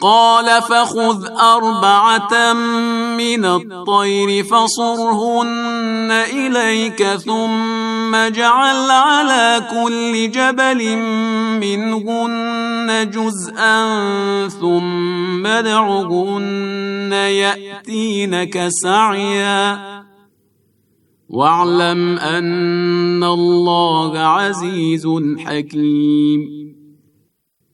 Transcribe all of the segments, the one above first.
قال فخذ اربعه من الطير فصرهن اليك ثم اجعل على كل جبل منهن جزءا ثم ادعهن ياتينك سعيا واعلم ان الله عزيز حكيم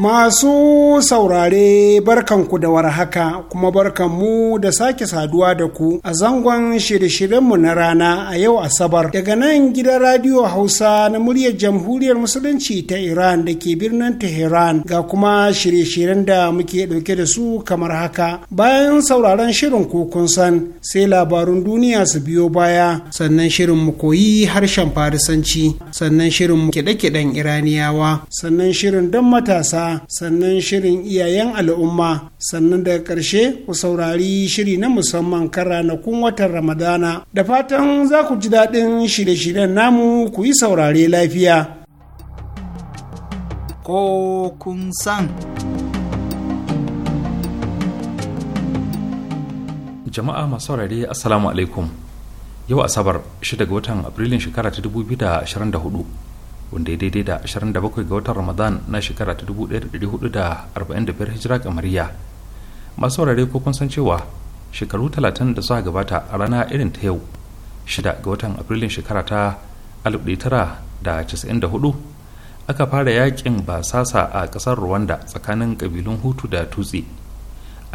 Masu saurare barkanku da warhaka kuma barkanmu da sake saduwa da ku a zangon shirye-shiryenmu na rana a yau Asabar daga nan gidan Radio Hausa na muryar Jamhuriyar Musulunci ta Iran da ke birnin Tehran ga kuma shirye-shiryen da muke ɗauke da su kamar haka. Bayan sauraron shirin kun san sai labarun duniya su biyo baya sannan shirin mu koyi harshen Farisanci sannan shirin mu kiɗe-kiɗen Iraniyawa sannan shirin don matasa sannan shirin iyayen al'umma sannan daga ƙarshe ku saurari shiri na musamman kan ranakun watan ramadana da fatan za ku ji daɗin shirye-shiryen namu ku yi saurare lafiya ko kun san jama'a masu saurare assalamu alaikum yau asabar 6 ga watan afrilun shekara ta 2024 wanda ya daidai da 27 ga watan ramadan na shekara ta 1445 hijira kamariya masu warare ko kun san cewa shekaru 30 da suka gabata a rana irin ta yau 6 ga watan afrilun shekara ta 1994 aka fara yakin basasa a kasar rwanda tsakanin kabilun hutu da tutsi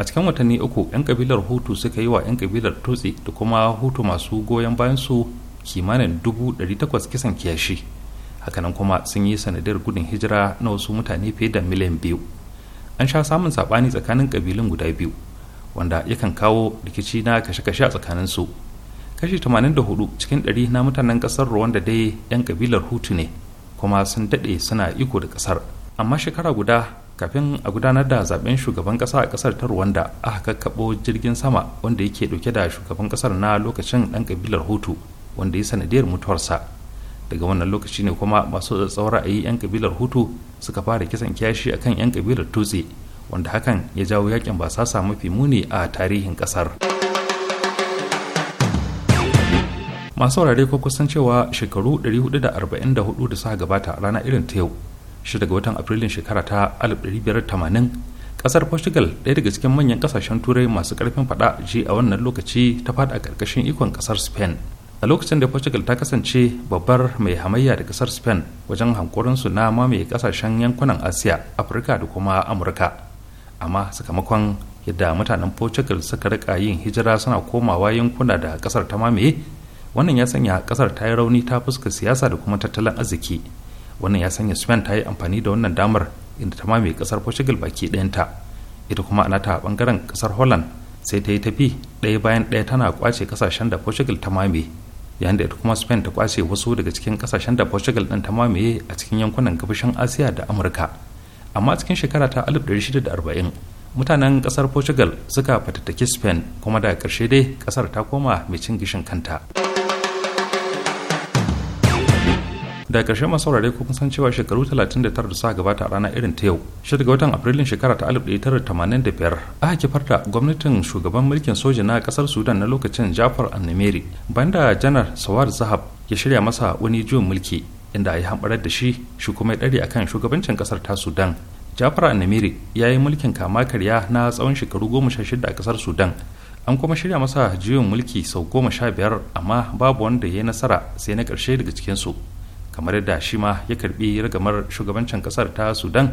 a cikin watanni uku 'yan kabilar hutu suka yi wa 'yan kabilar tutsi da kuma hutu masu goyon bayan su kimanin 800 kisan kiyashi hakanan kuma sun yi sanadiyar gudun hijira na wasu mutane fiye da miliyan biyu an sha samun saɓani tsakanin ƙabilun guda biyu wanda yakan kawo rikici na kashe-kashe a tsakanin su kashi 84 cikin 100 na mutanen ƙasar rwanda dai 'yan ƙabilar hutu ne kuma sun daɗe suna iko da ƙasar amma shekara guda kafin a gudanar da zaben shugaban ƙasa a ƙasar ta rwanda aka kakkaɓo jirgin sama wanda yake ɗauke da shugaban ƙasar na lokacin ɗan ƙabilar hutu wanda ya sanadiyar mutuwarsa daga wannan lokaci ne kuma masu tsawon ra'ayi 'yan kabilar hutu suka fara kisan kyashi akan 'yan kabilar tutse wanda hakan ya jawo yakin basasa mafi muni a tarihin kasar masu saurare ko kusan cewa shekaru 444 da suka gabata a rana irin ta yau shi daga watan afrilun shekara ta 1580 kasar portugal ɗaya daga cikin manyan kasashen turai masu karfin fada ji a wannan lokaci ta fada a ƙarƙashin ikon kasar spain a lokacin da portugal ta kasance babbar mai hamayya da kasar spain wajen hankorinsu na mamaye kasashen yankunan asiya afirka da kuma amurka amma sakamakon yadda mutanen portugal suka rika yin hijira suna komawa yankuna da kasar ta mamaye wannan ya sanya kasar ta yi rauni ta fuska siyasa da kuma tattalin arziki wannan ya sanya spain ta yi amfani da wannan damar inda ta mamaye kasar portugal baki ɗayanta ita kuma ana ta ɓangaren kasar holland sai ta yi tafi ɗaya bayan ɗaya tana kwace kasashen da portugal ta mamaye yayin da ita kuma spain ta kwashe wasu daga cikin kasashen da portugal din ta mamaye a cikin yankunan gabashin asiya da amurka amma cikin shekara ta 1640 mutanen kasar portugal suka fatattaki spain kuma daga karshe dai kasar ta koma mai cin gishin kanta. da ƙarshe masu saurare ko kun san cewa shekaru 39 da suka gabata a rana irin ta yau shi daga watan afrilun shekara ta 1985 aka kifar da gwamnatin shugaban mulkin soja na kasar sudan na lokacin jafar annameri banda janar sawar zahab ya shirya masa wani juyin mulki inda ya hamɓarar da shi shi kuma ya akan shugabancin ƙasar ta sudan jafar annamiri ya yi mulkin kama karya na tsawon shekaru goma sha shida a kasar sudan an kuma shirya masa juyin mulki sau goma sha biyar amma babu wanda ya yi nasara sai na ƙarshe daga cikinsu kamar yadda shi ma ya karbi ragamar shugabancin kasar ta sudan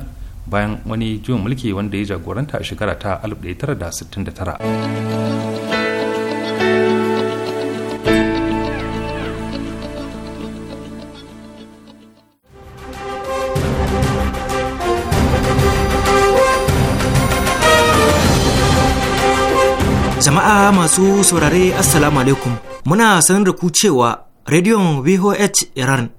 bayan wani juyin mulki wanda ya jagoranta a shekara ta 1969 jama'a masu saurare assalamu alaikum muna sanar da ku cewa rediyon vhh iran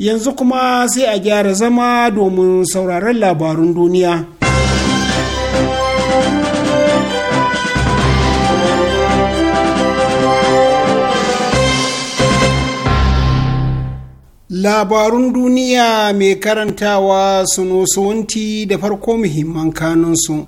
yanzu kuma sai a gyara zama domin sauraron labarun duniya labarun duniya mai karantawa sunusuwanti da farko muhimman kanunsu.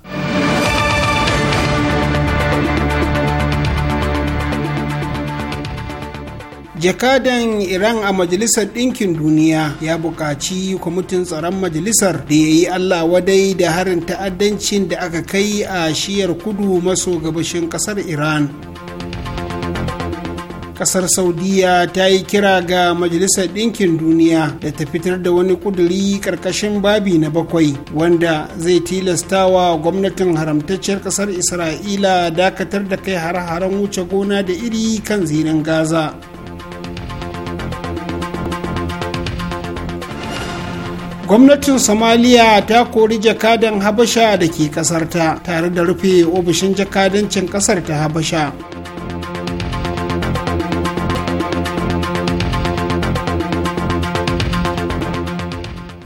jakadan iran a majalisar ɗinkin duniya ya buƙaci kwamitin tsaron majalisar da ya yi allah wadai da harin ta'addancin da aka kai a shiyar kudu maso gabashin ƙasar iran Ƙasar saudiya ta yi kira ga majalisar ɗinkin duniya da ta fitar da wani ƙuduri ƙarƙashin babi na bakwai wanda zai tilastawa gwamnatin haramtacciyar ƙasar isra'ila dakatar da kai har-haren wuce gona da iri kan zirin gaza gwamnatin somaliya ta kori jakadan habasha da ke kasarta tare da rufe ofishin jakadancin kasar ta habasha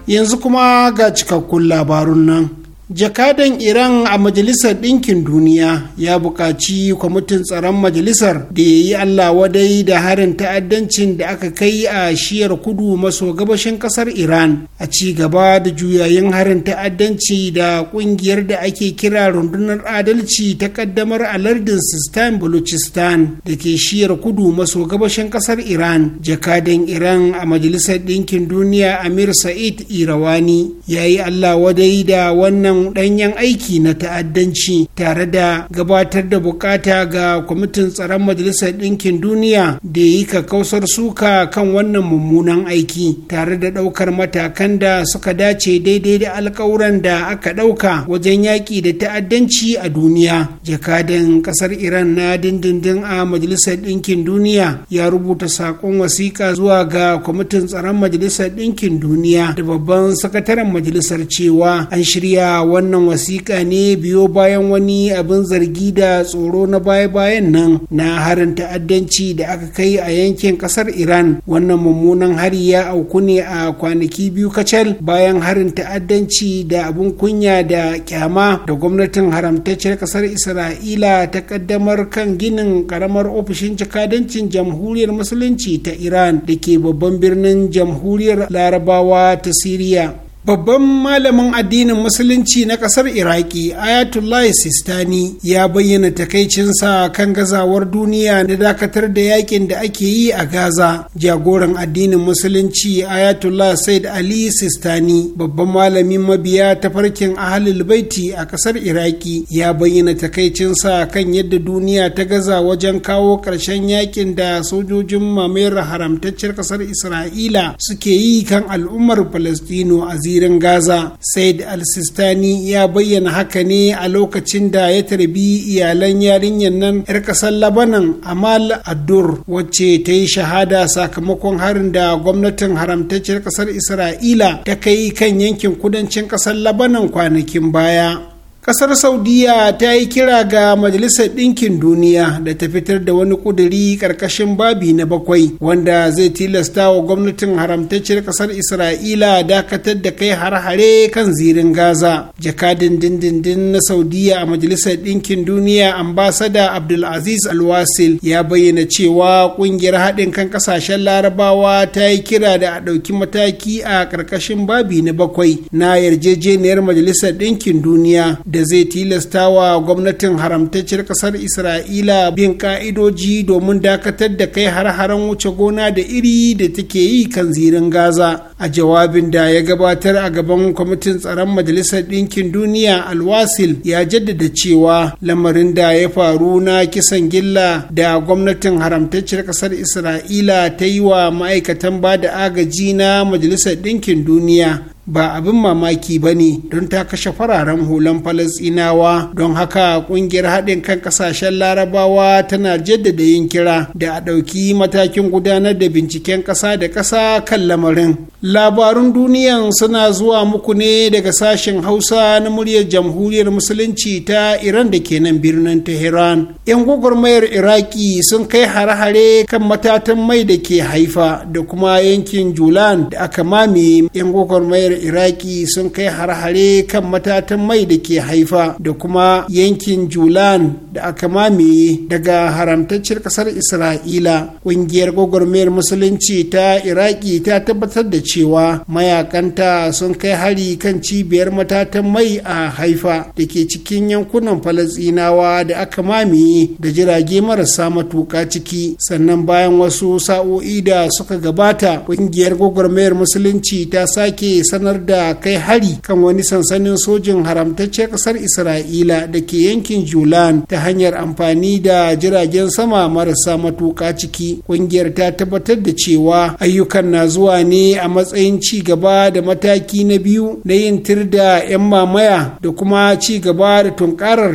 yanzu kuma ga cikakkun labarun nan jakadan iran a majalisar ɗinkin duniya ya buƙaci kwamitin tsaron majalisar da ya yi allah wadai da harin ta'addancin da aka kai a shiyar kudu maso gabashin ƙasar iran a ci gaba da juyayin harin ta'addanci da ƙungiyar da ake kira rundunar adalci ta ƙaddamar a lardin sistan balochistan da ke shiyar kudu maso gabashin ƙasar iran jakadan iran a majalisar ɗinkin duniya amir sa'id irawani ya yi allah wadai da wannan wannan ɗanyen aiki na ta'addanci tare da gabatar da bukata ga kwamitin tsaron majalisar ɗinkin duniya da ya yi kakausar suka kan wannan mummunan aiki tare da ɗaukar matakan da suka dace daidai da alkawuran da aka ɗauka wajen yaƙi da ta'addanci a duniya jakadan ƙasar iran na dindindin a majalisar ɗinkin duniya ya rubuta saƙon wasiƙa zuwa ga kwamitin tsaron majalisar ɗinkin duniya da babban sakataren majalisar cewa an shirya wannan wasiƙa ne biyo bayan wani abin zargi da tsoro na baya-bayan nan na harin ta'addanci da aka kai a yankin ƙasar iran wannan mummunan hari ya auku ne a kwanaki biyu kacal bayan harin ta'addanci da abin kunya da kyama da gwamnatin haramtacciyar ƙasar isra'ila ta ƙaddamar kan ginin ƙaramar ofishin jakadancin jamhuriyar musulunci ta iran da ke babban birnin jamhuriyar larabawa ta siriya Babban malamin addinin Musulunci na ƙasar Iraki Ayatollah Sistani ya bayyana takaicinsa kan gazawar duniya na dakatar da yakin da ake yi a Gaza. Jagoran addinin Musulunci Ayatollah Said Ali Sistani, babban malamin mabiya tafarkin Ahlul Baiti a ƙasar Iraki, ya bayyana takaicinsa kan yadda duniya ta gaza wajen kawo ƙarshen yakin da sojojin mamayar haramtaccen ƙasar Isra'ila suke yi kan al'ummar Falastino a zirin gaza said al-sistani ya bayyana haka ne a lokacin da ya tarbi iyalan yarinyar nan 'yar ƙasar labanan amal addur wacce ta yi shahada sakamakon harin da gwamnatin haramtacciyar ƙasar isra'ila ta kai kan yankin kudancin ƙasar labanan kwanakin baya kasar saudiya ta yi kira ga majalisar ɗinkin duniya da ta fitar da wani ƙuduri ƙarƙashin babi na bakwai wanda zai tilasta wa gwamnatin haramtacciyar ƙasar isra'ila dakatar da kai har-hare kan zirin gaza jakadin dindindin na saudiya a majalisar ɗinkin duniya ambasada abdulaziz alwasil ya bayyana cewa ƙungiyar haɗin kan ƙasashen larabawa ta yi kira da a ɗauki mataki a ƙarƙashin babi na bakwai na yarjejeniyar majalisar ɗinkin duniya da zai tilasta wa gwamnatin haramtacciyar kasar isra'ila bin ka'idoji domin dakatar da kai har-haren wuce gona da iri da take yi kan zirin gaza a jawabin da ya gabatar a gaban kwamitin tsaron majalisar ɗinkin duniya alwasil ya jaddada cewa lamarin da ya faru na kisan gilla da gwamnatin haramtacciyar kasar isra'ila ta yi wa ma'aikatan ba da agaji na majalisar ɗinkin duniya ba abin mamaki ba ne don ta kashe fararen hulan falasinawa don haka kungiyar haɗin kan ƙasashen larabawa tana jaddada yin kira da a ɗauki matakin gudanar da binciken ƙasa da ƙasa kan lamarin labarun duniyan suna zuwa muku ne daga sashen hausa na muryar jamhuriyar musulunci ta iran da ke nan birnin tehran yan gwagwarmayar iraki sun kai hare-hare kan matatan mai da ke haifa da kuma yankin julan da aka mame yan gwagwarmayar iraki sun kai har-hare kan matatan mai da ke haifa da kuma yankin julan da aka mamaye daga haramtacciyar kasar isra'ila ƙungiyar gwagwarmayar musulunci ta iraki ta tabbatar da cewa mayakanta sun kai hari kan cibiyar matatan mai a haifa da ke cikin yankunan falasinawa da aka mamaye da jirage marasa matuƙa ciki sannan bayan wasu sa'o'i da suka gabata ƙungiyar gwagwarmayar musulunci ta sake sanar sanar da kai hari kan wani sansanin sojin haramtacce kasar isra'ila da ke yankin julan ta hanyar amfani da jiragen sama marasa matuƙa ciki ƙungiyar ta tabbatar da cewa ayyukan na zuwa ne a matsayin ci gaba da mataki na biyu na yin tir da 'yan mamaya da kuma ci gaba da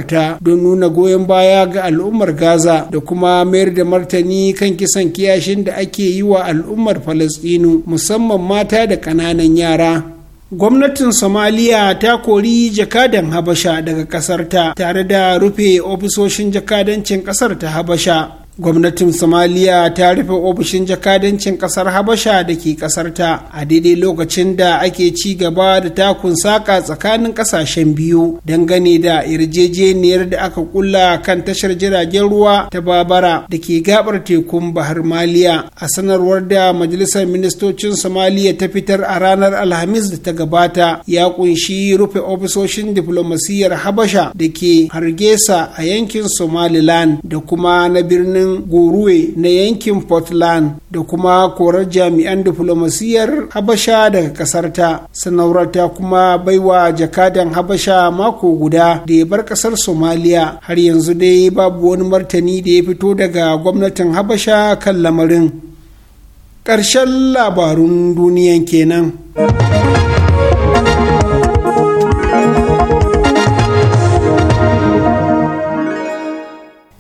ta don nuna goyon baya ga al'ummar gaza da kuma mayar da martani kan kisan kiyashin da ake yi wa al'ummar falasɗinu musamman mata da ƙananan yara gwamnatin somaliya ta kori jakadan habasha daga kasarta tare da rufe ofisoshin jakadancin kasar ta habasha gwamnatin somaliya ta rufe ofishin jakadancin kasar habasha da ke kasarta a daidai lokacin da ake ci gaba da takun saka tsakanin kasashen biyu dangane da yarjejeniyar da aka kulla kan tashar jiragen ruwa ta babara da ke gabar tekun bahar maliya a sanarwar da majalisar ministocin somaliya ta fitar a ranar alhamis da ta gabata ya kunshi rufe ofisoshin diflomasiyyar habasha da ke hargesa a yankin somaliland da kuma na birnin goruwe na yankin portland da kuma korar jami'an diflomasiyyar habasha daga kasarta sanaurar ta kuma baiwa jakadan habasha mako guda da ya bar kasar somaliya har yanzu dai babu wani martani da ya fito daga gwamnatin habasha kan lamarin ƙarshen labarun duniyan kenan.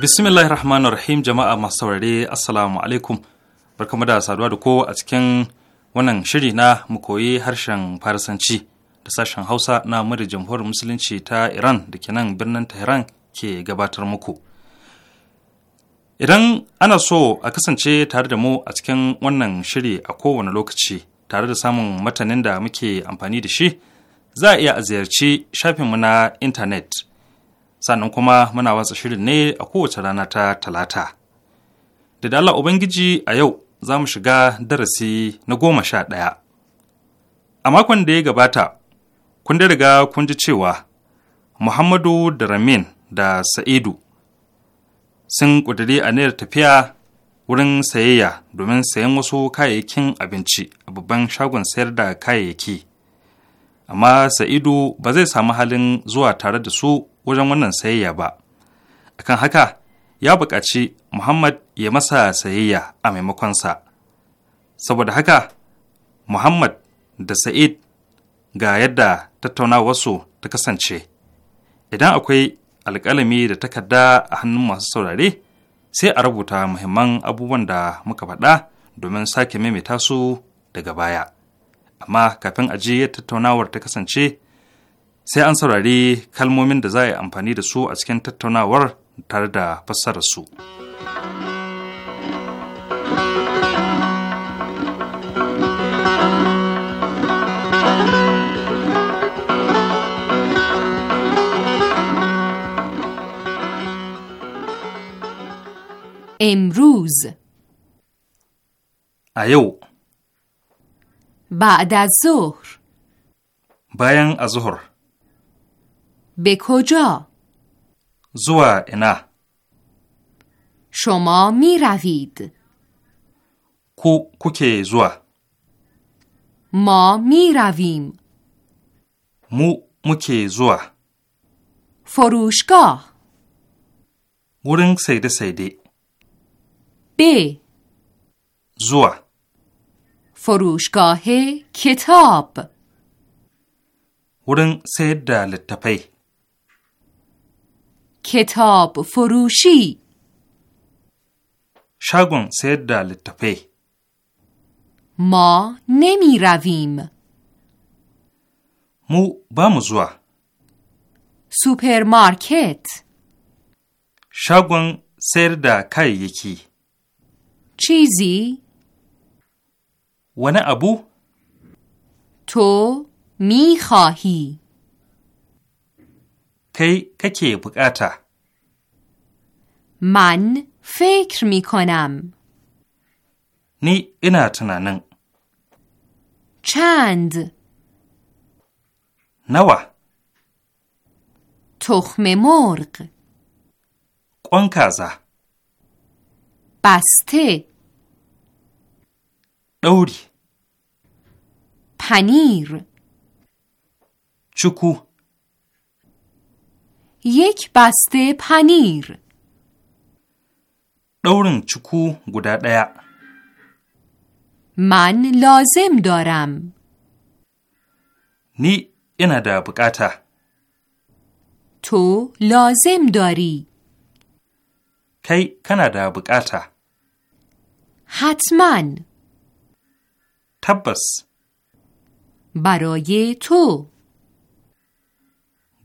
Bismillahir Rahim jama'a masu saurare Assalamu alaikum. Barkamu da saduwa da kowa a cikin wannan shiri na mu koyi harshen Farisanci da sashen Hausa na muri Jamhuriyar Musulunci ta Iran da ke nan birnin Tehran ke gabatar muku. Idan ana so a kasance tare da mu a cikin wannan shiri a kowane lokaci tare da samun matanin da muke amfani da shi, za a iya a ziyarci shafinmu na intanet sannan kuma muna watsa shirin ne a kowace rana ta talata. Da dala Ubangiji a yau za mu shiga darasi na goma sha ɗaya. A makon da ya gabata, kun da riga kun ji cewa Muhammadu da Ramin da Sa'idu sun ƙudiri aniyar tafiya wurin sayayya domin sayan wasu kayayyakin abinci a babban shagon sayar da kayayyaki. Amma Sa'idu ba zai samu halin zuwa tare da su wajen wannan sayayya ba akan haka ya buƙaci muhammad ya masa sayayya a maimakonsa saboda haka muhammad da sa'id ga yadda tattaunawarsu ta kasance idan akwai alƙalami da takarda a hannun masu saurare sai a rubuta muhimman abubuwan da muka faɗa domin sake maimaita su daga baya amma kafin a je tattaunawar ta kasance sai an saurari kalmomin da za a yi amfani da su a cikin tattaunawar tare da fassarar su. امروز ایو بعد از ظهر بیان از ظهر به کجا؟ زوا انا شما می روید کو کوکه زوا ما می رویم مو موکه زوا فروشگاه ورنگ سیده سیده ب زوا فروشگاه کتاب ورنگ سیده لطپی کتاب فروشی شاگون سید دا ما نمی رویم مو بامزوا سوپرمارکت شاگون سیر دا کای یکی چیزی ونه ابو تو می خواهی کی ککی بکاتا من فکر می کنم نی اینا تنانن چند نوا تخم مرغ قون کازا بسته دوری پنیر چکو یک بسته پنیر دورن چکو گودا دیا من لازم دارم نی اینا دا بکاتا تو لازم داری کی کنا دا بکاتا حتما تبس برای تو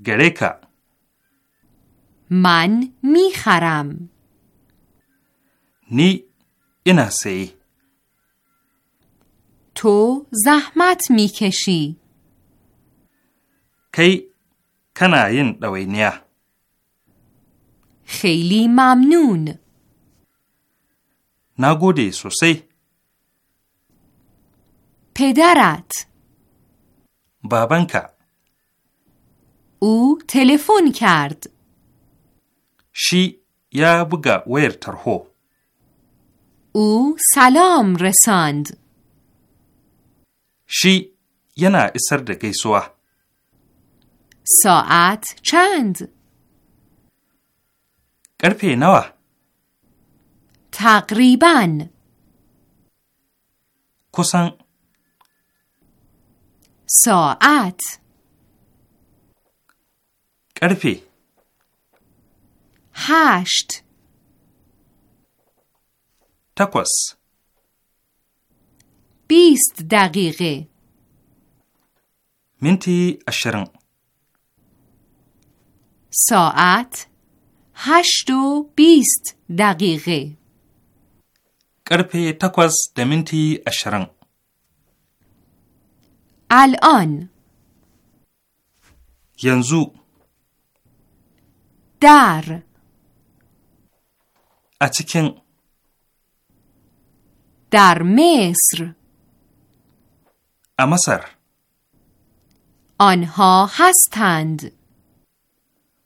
گریکا من میخرم نی اینا سی تو زحمت میکشی کی کناین دوینیا خیلی ممنون نگودی سوسی پدرت بابنکا او تلفن کرد Shi ya buga wayar tarho. U saloom, Rasand. Shi yana isar da gaisuwa. Sa'at canza. Karfe nawa? Takriban. Kusan. Sa'at. Karfe. هشت تکوس بیست دقیقه منتی اشرن ساعت هشت و بیست دقیقه کرپه تکوس دمنتی اشرن الان ینزو در اچکن در مصر امصر آنها هستند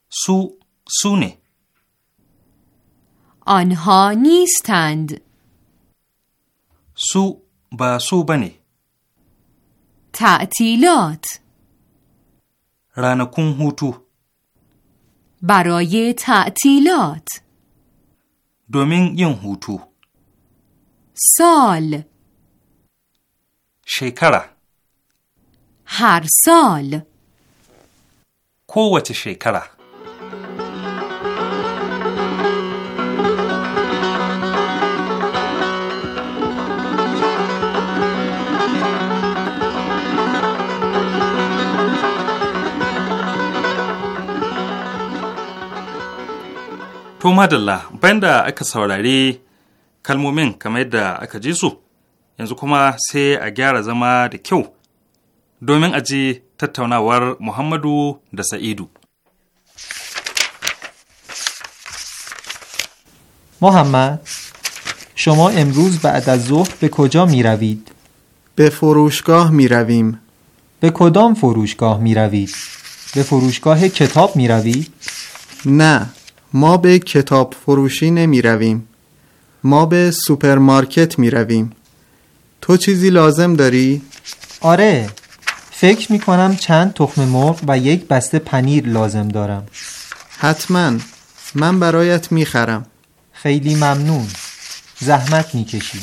سو سونه آنها نیستند سو با سوبنه بنی تعطیلات رانکون هوتو برای تعطیلات domin yin hutu. Sol Shekara Har sol Kowace shekara To madalla bayan da aka saurari kalmomin kamar yadda aka ji su, yanzu kuma sai a gyara zama da kyau domin a ji tattaunawar Muhammadu da Sa'idu. Muhammad, shoma امروز بعد از ظهر به کجا می روید؟ به فروشگاه می رویم. به کدام فروشگاه می روید؟ به فروشگاه کتاب می روید؟ نه ما به کتاب فروشی نمی رویم. ما به سوپرمارکت می رویم. تو چیزی لازم داری؟ آره فکر می کنم چند تخم مرغ و یک بسته پنیر لازم دارم حتما من برایت می خرم خیلی ممنون زحمت می کشی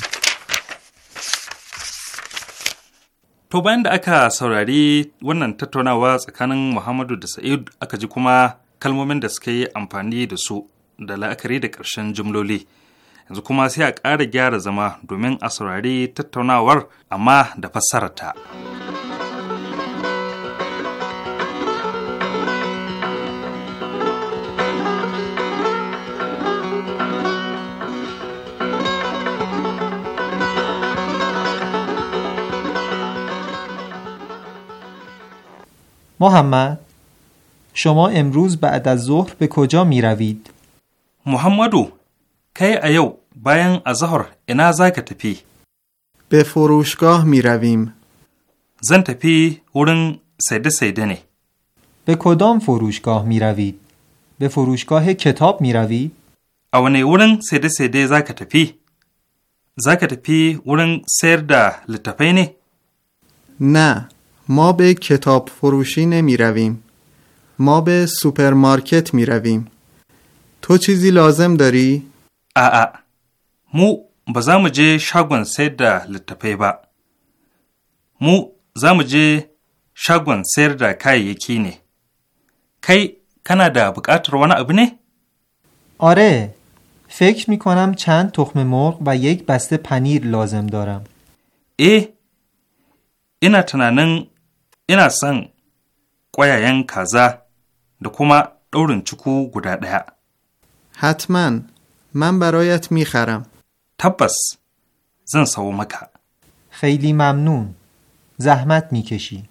To bayan da aka saurari wannan tattaunawa tsakanin Muhammadu da Sa'id aka kuma kalmomin da suka yi amfani da su da la'akari da ƙarshen jimloli yanzu kuma sai a ƙara gyara zama domin a saurari tattaunawar amma da fassararta. محمد شما امروز بعد از ظهر به کجا می روید؟ محمدو کی ایو باین از ظهر انا زاک تپی به فروشگاه می رویم زن تپی ورن سیده سیده نه به کدام فروشگاه می روید؟ به فروشگاه کتاب می روید؟ اوانی ورن سیده سیده زاک تپی زاک تپی ورن سیر دا لطپی نه نه ما به کتاب فروشی نمی رویم ما به سوپرمارکت می رویم. تو چیزی لازم داری؟ آ مو بازم جه شاگون سیر دا لطفه با مو زام جه شاگون سیر دا کای یکی نه کی کنا دا بکات روانه ابنه؟ آره فکر می کنم چند تخم مرغ و یک بسته پنیر لازم دارم ای اینا تنانن اینا سن ین کازا da kuma ɗaurin ciku guda ɗaya. Hatman, man barayat mikharam. Tabbas, zan sawo maka. zahmat mi زحمت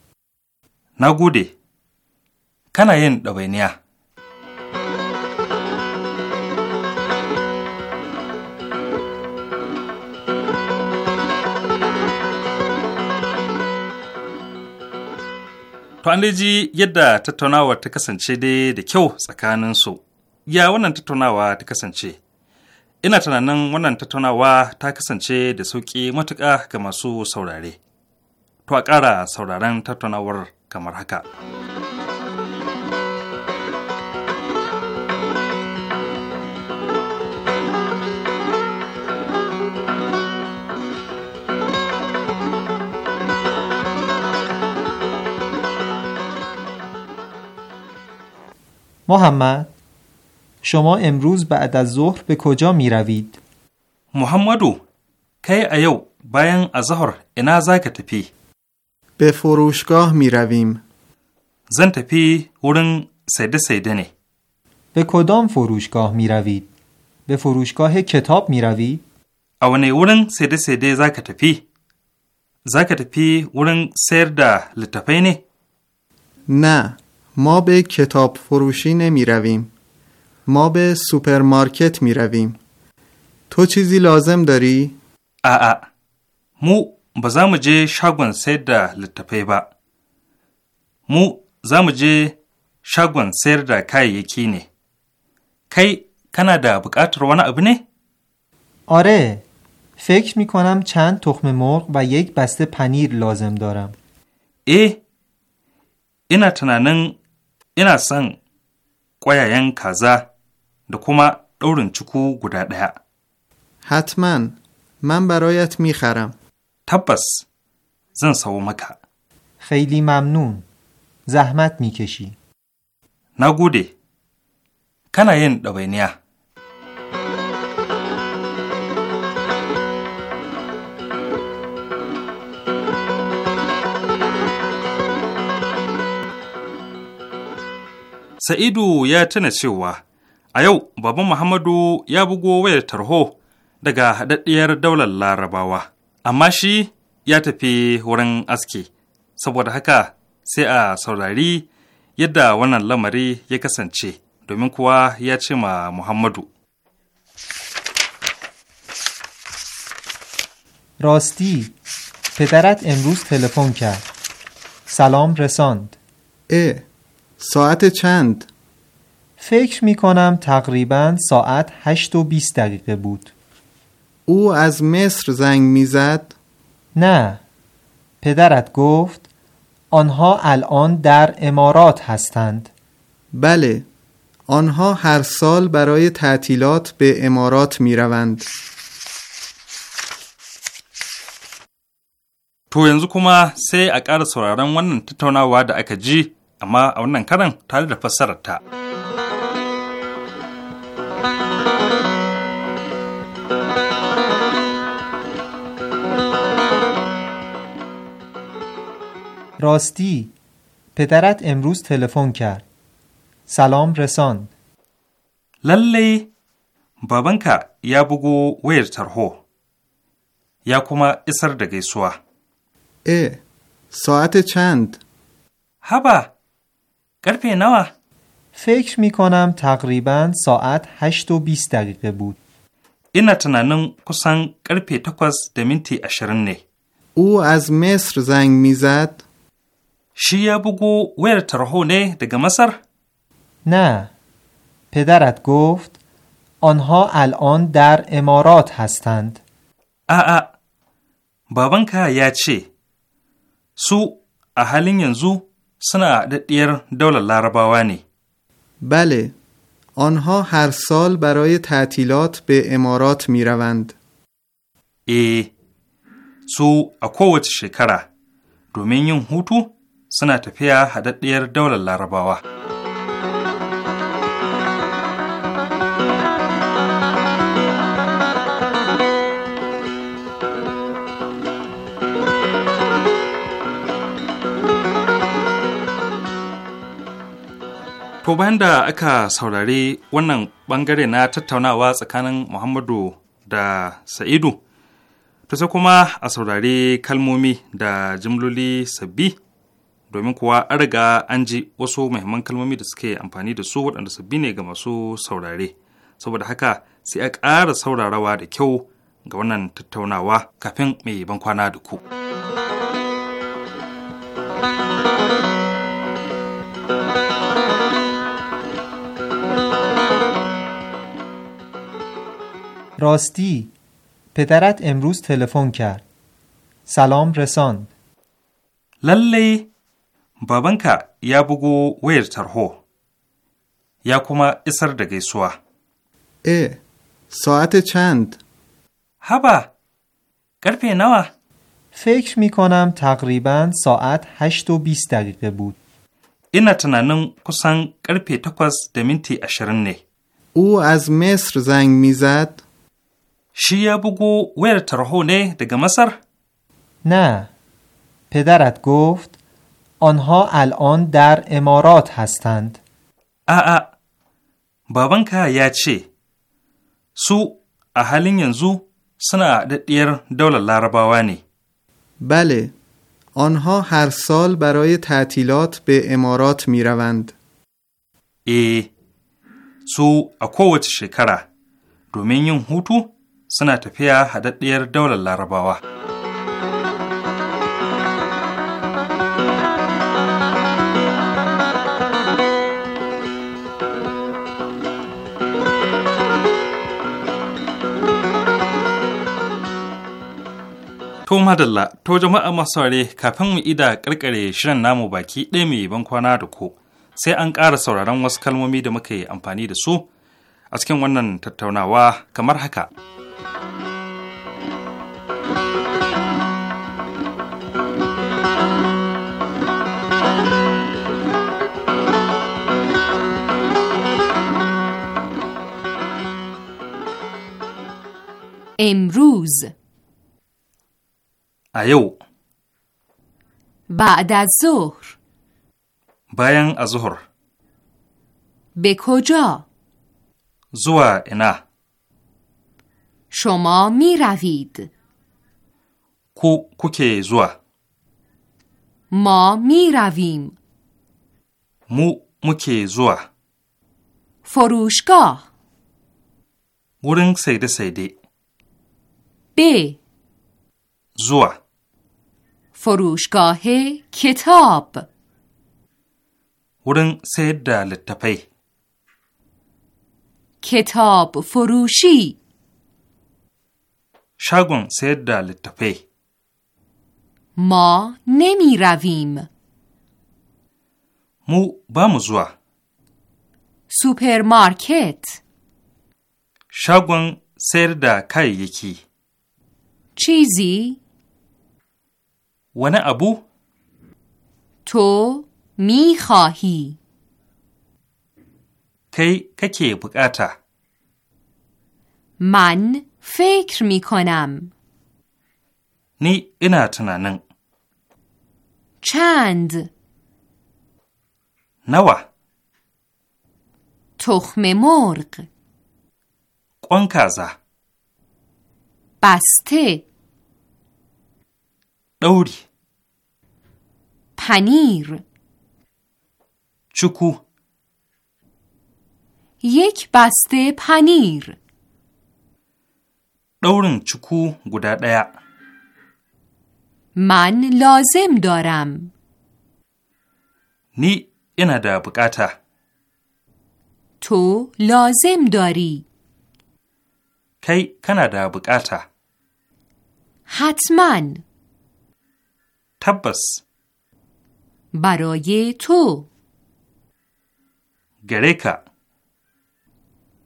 Na gode. kana yin ɗawainiya. To an ji yadda tattaunawar ta kasance dai da kyau tsakanin su Ya wannan tattaunawa ta kasance? Ina tunanin wannan tattaunawa ta kasance da sauƙi matuƙa ga masu saurare. To a ƙara sauraren tattaunawar kamar haka. محمد شما امروز بعد از ظهر به کجا می روید؟ محمدو کی ایو باین از ظهر انا زاک تپی به فروشگاه می رویم زن تپی ورن سیده سیده به کدام فروشگاه می روید؟ به فروشگاه کتاب می روید؟ اونه ورن سیده سیده زاک تپی زاک تپی ورن سیر ده نه ما به کتاب فروشی نمی رویم. ما به سوپرمارکت می رویم. تو چیزی لازم داری؟ آ مو بزام جه شاگون سیر دا لطفه با. مو زام جه شاگون سیر کای یکی نه. کی کنا دا بکات روانه ابنه؟ آره فکر می کنم چند تخم مرغ و یک بسته پنیر لازم دارم. ای اینا تنانن ina son ƙwayayen kaza da kuma ɗaurin ciku guda ɗaya. Hatman, man barayat haram. Tabbas, zan sawo maka. zahmat mi زحمت Na gode. kana yin ɗabainiya? Sa'idu ya tuna cewa a yau baban Muhammadu ya bugo wayar tarho daga haɗaɗɗiyar daular larabawa, amma shi ya tafi wurin aski, saboda haka sai a saurari yadda wannan lamari ya kasance, domin kuwa ya ce ma Muhammadu. راستی پدرت امروز تلفن کرد سلام رساند اه ساعت چند؟ فکر می کنم تقریبا ساعت هشت و 20 دقیقه بود او از مصر زنگ میزد؟ نه پدرت گفت آنها الان در امارات هستند بله آنها هر سال برای تعطیلات به امارات می روند تو yanzu کما سی اکار ƙara ونن واد amma a wannan karan tare da fassarar ta. راستی پدرت امروز تلفن کرد سلام رساند للی بابنکا یا بگو ویر ترهو یا کما اسر دگی سوا اه ساعت چند هبه قرپه نوا فکر می کنم تقریبا ساعت 8 و 20 دقیقه بود. این تنانن کسان قرپه تکوز دمینتی اشرن نه. او از مصر زنگ میزد. شی یا بگو ویر ترهو نه دگه مصر؟ نه. پدرت گفت آنها الان در امارات هستند. آآ بابان که یا چه؟ سو اهلین ینزو سنا دیر دولت لارباوانی بله آنها هر سال برای تعطیلات به امارات می روند ای سو اکووت شکره دومین هوتو سنا تفیه دیر دولت لارباوه To bayan da aka saurari wannan bangare na tattaunawa tsakanin Muhammadu da Sa'idu, to sai kuma a saurari kalmomi da jimloli sabbi domin kuwa an riga an ji wasu muhimman kalmomi da suke amfani da su waɗanda sabbi ne ga masu saurare. Saboda haka sai a ƙara saurarawa da kyau ga wannan tattaunawa kafin mai ban kwana da ku. راستی پدرت امروز تلفن کرد سلام رساند للی بابنکا یا بگو ویر ترهو یا کما اسر دگی سوا اه ساعت چند هبا گرپی نوا فکر می کنم تقریبا ساعت هشت و بیست دقیقه بود اینا تنانم کسان گرپی تکوز دمینتی اشرن نه او از مصر زنگ میزد شی یا بگو ویر ترهونه دگه مصر؟ نه پدرت گفت آنها الان در امارات هستند آ بابانکا یا چه سو اهلین ینزو سنا دیر دولت لارباوانی بله آنها هر سال برای تعطیلات به امارات می روند. ای سو اکووت شکره دومین هوتو suna tafiya haɗaɗɗiyar daular larabawa. To madalla, to jama'a masaure kafin mu ida karkare shirin namu baki ɗaya mai ban kwana da ko, sai an ƙara sauraron wasu kalmomi da muka yi amfani da su a cikin wannan tattaunawa kamar haka. امروز ایو بعد از ظهر بیان از ظهر به کجا زوا انا شما می روید کو کوکه زوا ما می رویم مو که زوا فروشگاه گرنگ سیده سیده ب زوا فروشگاه کتاب ورن سید دا کتاب فروشی شاگون سید لتپی ما نمی رویم مو با زوا سوپرمارکت شاگون سرد دا یکی چیزی ونه ابو تو می خواهی کی ککی بکاتا من فکر می کنم نی اینا تنانن چند نوا تخم مرغ قنکازه بسته دوری پنیر چکو یک بسته پنیر دورن چکو گودا دیا من لازم دارم نی اینا دا بکاتا تو لازم داری کی کنا دا بکاتا حتما تبس برای تو گریکا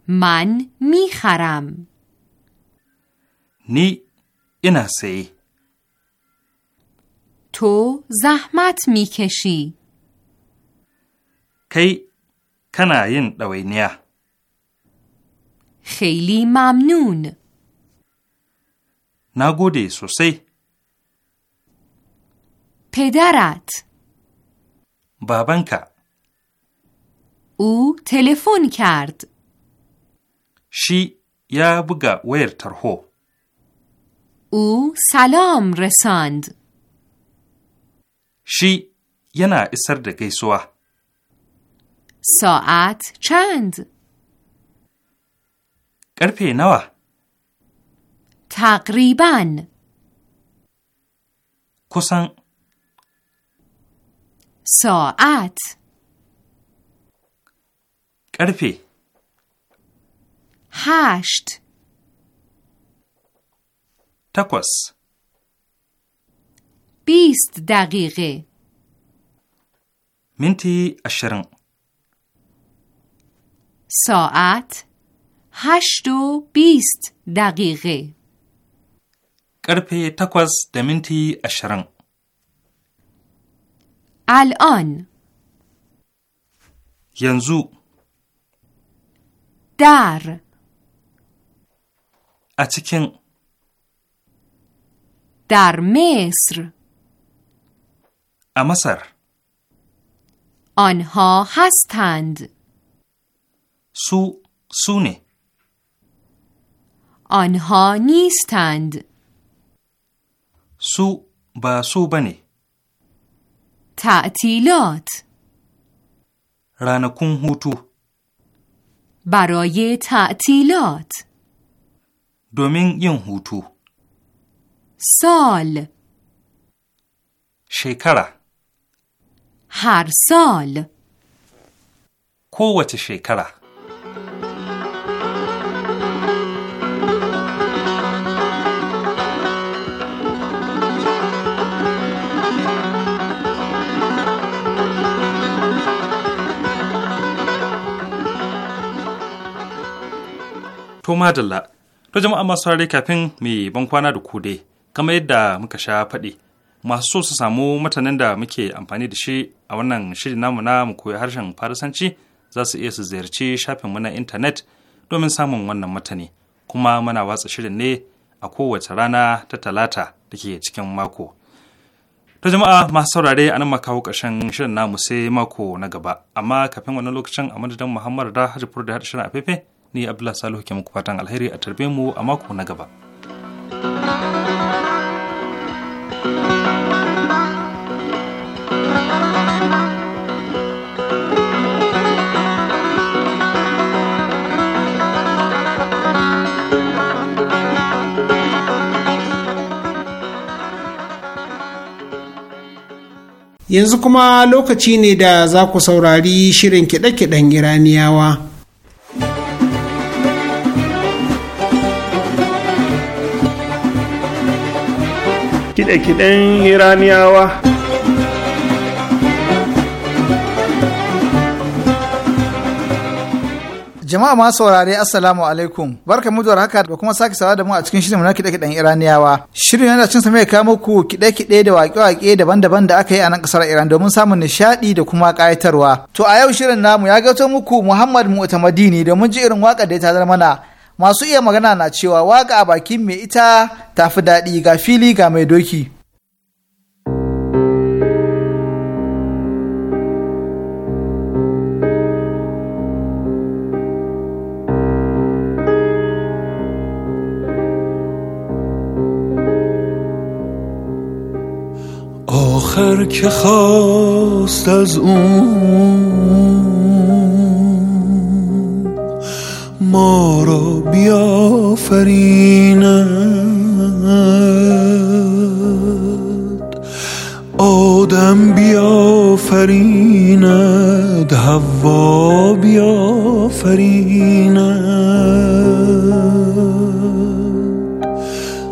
من میخرم نی اینا تو زحمت میکشی کی کنا دوینیا خیلی ممنون na gode sosai. Pedarat Babanka U telefon kard. Shi ya buga wayar tarho. U salam resand. Shi yana isar da gaisuwa. Sa'at chand. Karfe nawa? تقریبا کسان ساعت کرپی هشت تکوس بیست دقیقه منتی اشرن ساعت هشت و بیست دقیقه karfe takwas da minti ashirin. Al’on Yanzu Dar A cikin Dar Mesr A Masar آنها هستند سو سونه آنها نیستند سو با سو بنی تعطیلات رانکون هوتو برای تعطیلات دومین ین هوتو سال شکرا هر سال کوت شکرا To madalla, to jama'a masu saurare kafin mai ban kwana da ku dai, kamar yadda muka sha faɗi. Masu so su samu mutanen da muke amfani da shi a wannan shirin namu na mu koyi harshen Farisanci za su iya su ziyarci shafinmu na intanet domin samun wannan matani. Kuma muna watsa shirin ne a kowace rana ta talata da ke cikin mako. To jama'a masu saurare a nan makawo ƙarshen shirin namu sai mako na gaba. Amma kafin wannan lokacin a madadin Muhammadu da Hajjifur da haɗa shirin a ni abdullahi salihu ke muku fatan alheri a tarbe mu a mako na gaba yanzu kuma lokaci ne da za ku saurari shirin kiɗe-kiɗen iraniyawa kiɗe-kiɗen iraniyawa jama'a ma saurare assalamu alaikum barka mu da haka da kuma sake sawa da mu a cikin shirin na kiɗe-kiɗen iraniyawa shirin yana cin sa mai muku kiɗe-kiɗe da waƙe-waƙe daban-daban da aka yi a nan kasar iran domin samun nishaɗi da kuma ƙayatarwa to a yau shirin namu ya gato muku muhammad mu'tamadi ne domin ji irin waƙar da ya tazar mana masu iya magana na cewa waka a bakin mai ita tafi daɗi ga fili ga mai doki. آخر که خواست از اون ما را بیافریند آدم بیافریند هوا بیافریند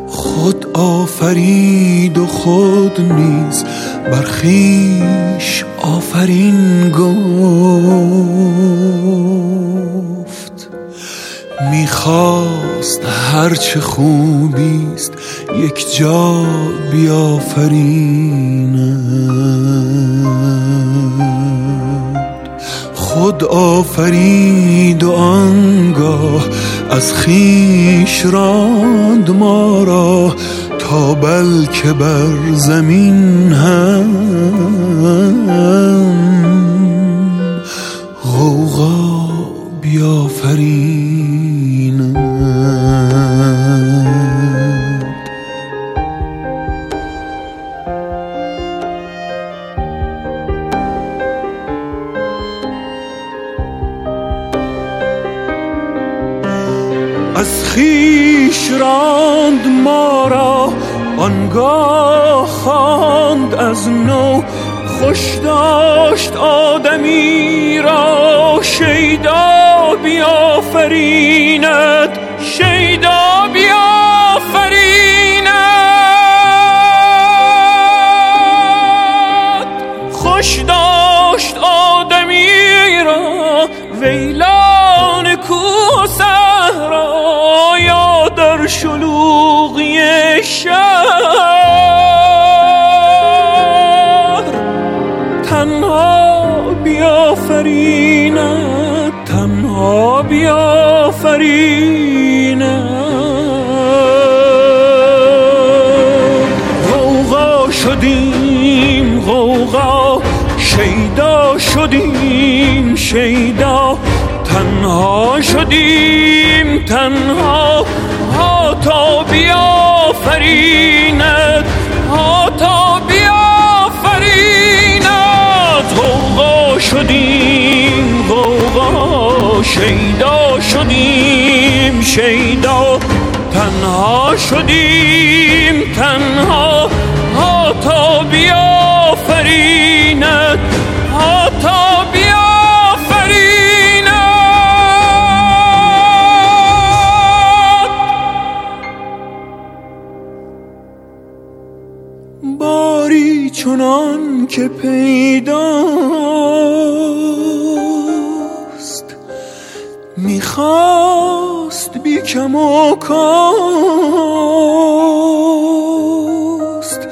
خود آفرید و خود نیز برخیش آفرین گفت میخواست هرچه خوبیست یک جا بیافریند خود آفرید و آنگاه از خیش راند ما را تا بلکه بر زمین هم غوغا بیافرید راند ما را آنگاه خواند از نو خوش داشت آدمی را شیدا بیافریند شیدا بیا شهر تنها بیافریند تنها بیافریند غوغا شدیم غوغا شیدا شدیم شیدا تنها شدیم تنها ها تا بیا بیافریند تا بیافریند غوغا شدیم غوغا شیدا شدیم شیدا تنها شدیم تنها که پیداست میخواست بی کم و کاست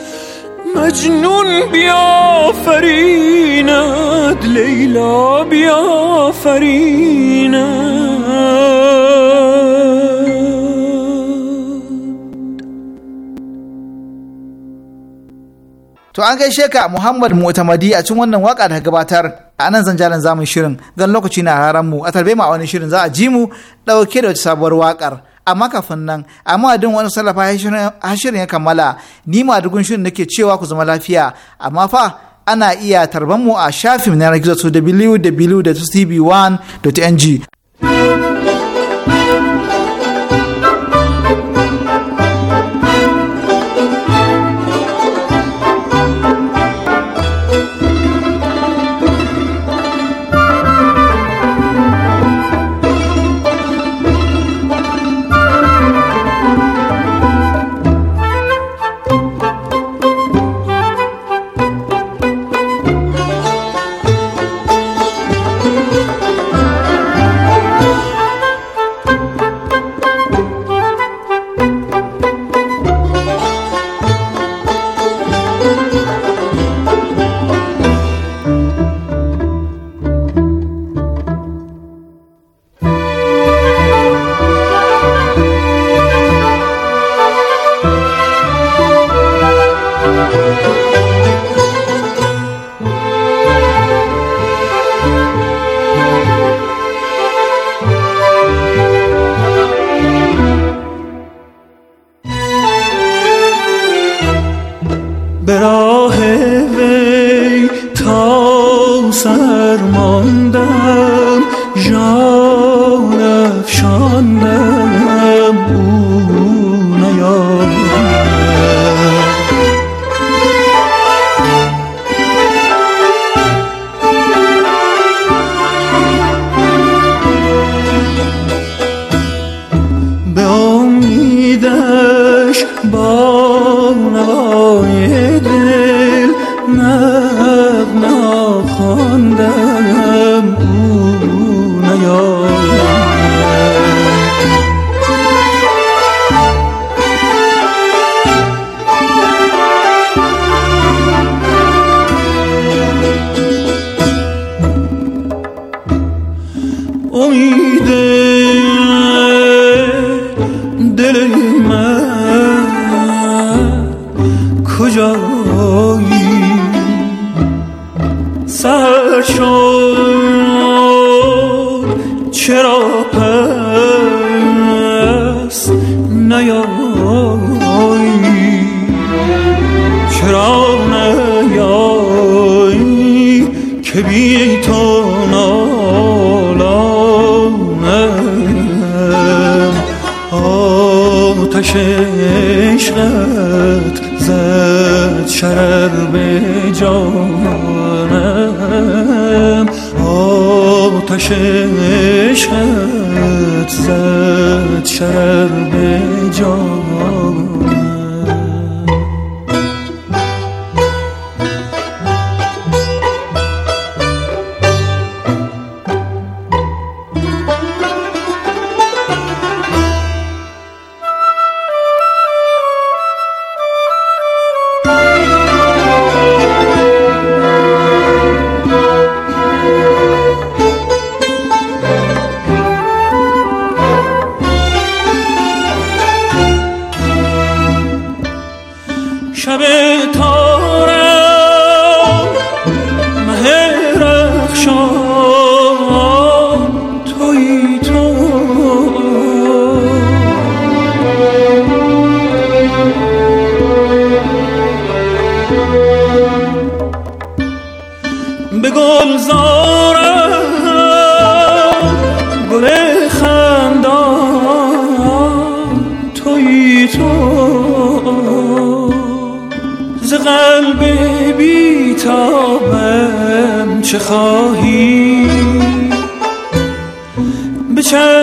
مجنون بیافریند لیلا بیافریند To an gaishe ka Muhammad Mutamadi a cikin wannan waka da gabatar. A nan zan jalan zamun shirin gan lokaci na raran mu a tarbe mu a wani shirin za a ji mu dauke da wata sabuwar wakar. Amma kafin nan, amma din wani sallafa hashirin ya kammala, ni ma dugun shirin nake cewa ku zama lafiya, amma fa ana iya tarban mu a shafin na gizo www.tv1.ng هر مندم جا.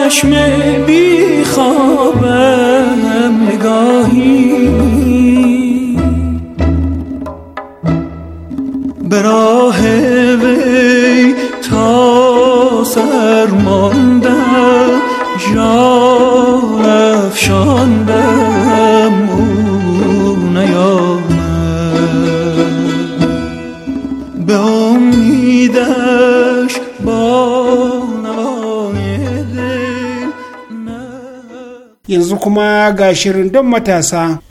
چشم خوابم نگاهی ga shirin don matasa.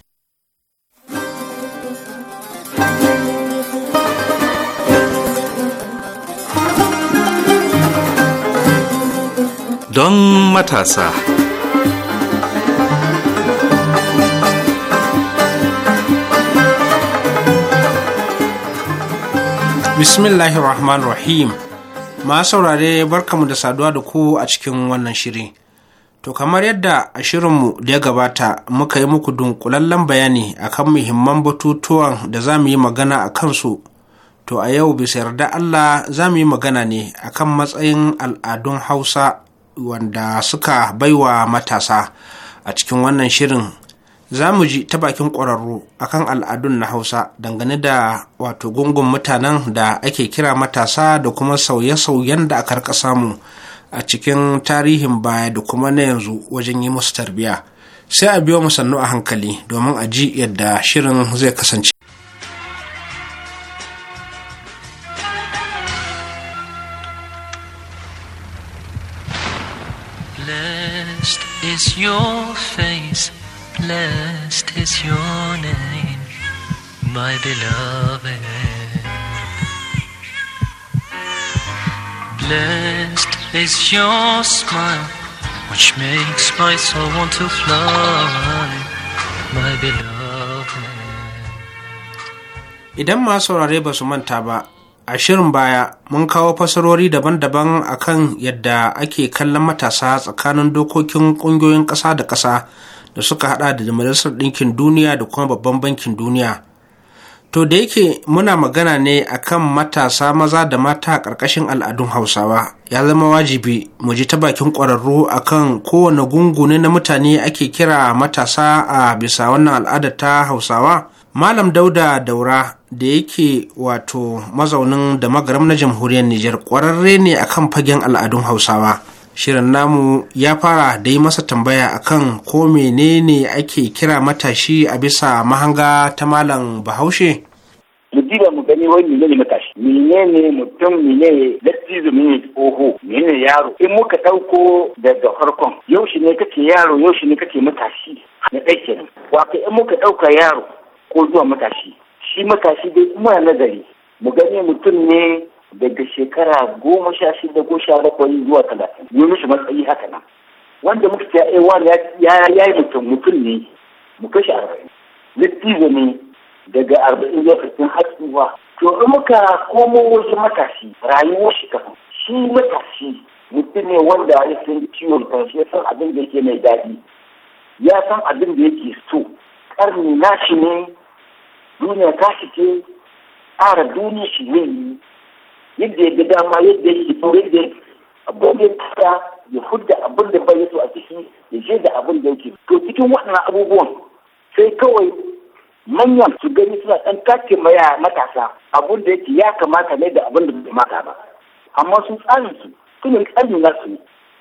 Don matasa. Bismillahirrahmanirrahim. Ma saurare barkamu da saduwa da ku a cikin wannan shiri. To kamar yadda a shirinmu da ya gabata muka yi muku dunkulallen bayani akan muhimman batutuwan da za mu yi magana a kansu, to a yau bisa yarda Allah za mu yi magana ne akan matsayin al'adun Hausa wanda suka baiwa matasa a cikin wannan shirin. Za mu ji ta bakin ƙwararru akan al'adun na Hausa dangane da wato gungun mutanen da ake kira matasa da kuma sauye-sauyen da aka samu. a cikin tarihin baya da kuma na yanzu wajen yi musu tarbiya sai a biyo musannu a hankali domin a ji yadda shirin zai kasance is your face, blessed is your name, Blessed is your smile which makes my soul want to fly, my beloved. Idan ma saurare ba su manta ba, a shirin baya mun kawo fasarori daban-daban akan yadda ake kallon matasa tsakanin dokokin ƙungiyoyin ƙasa da ƙasa da suka hada da majalisar ɗinkin duniya da kuma babban bankin duniya. To da yake muna magana ne akan matasa maza da mata a ƙarƙashin al'adun Hausawa, ya zama wajibi mu ji ta bakin ƙwararru akan kowane gungune na mutane ake kira matasa a bisa wannan al'ada ta Hausawa. Malam Dauda Daura da yake wato mazaunin da magaram na jamhuriyar Nijar ƙwararre ne akan fagen al'adun Hausawa. shirin namu ya fara da yi masa tambaya akan ko menene ake kira matashi a bisa mahanga ta malam bahaushe mu diba mu gani wai menene matashi menene mutum menene zumi ne oho menene yaro in muka dauko daga farkon yaushe ne kake yaro yaushe ne kake matashi na ɗai kenan wato in muka dauka yaro ko zuwa matashi shi matashi dai kuma nazari mu gani mutum ne daga shekara goma sha shida ko sha bakwai zuwa talatin yi mishi matsayi haka nan wanda muka ce ai eh, wani ya yi mutum mutum ne mu kashe arba'in littizo ne daga arba'in zuwa fitin hatsuwa to in muka komo wasu matashi rayuwar shi kafin shi matashi mutum ne wanda ya san ciwon kanshi ya san abin da yake mai daɗi ya san abin da yake so ƙarni nashi ne duniya ta shi ce ƙara duniya shi ne yadda ya dama yadda ya fito yadda abin da ya ya fudda abin da bai so a cikin ya je da abin da yake to cikin waɗannan abubuwan sai kawai manyan su gani suna ɗan kake maya matasa abin da yake ya kamata ne da abin da bai mata ba amma sun tsarin su sun yi tsarin su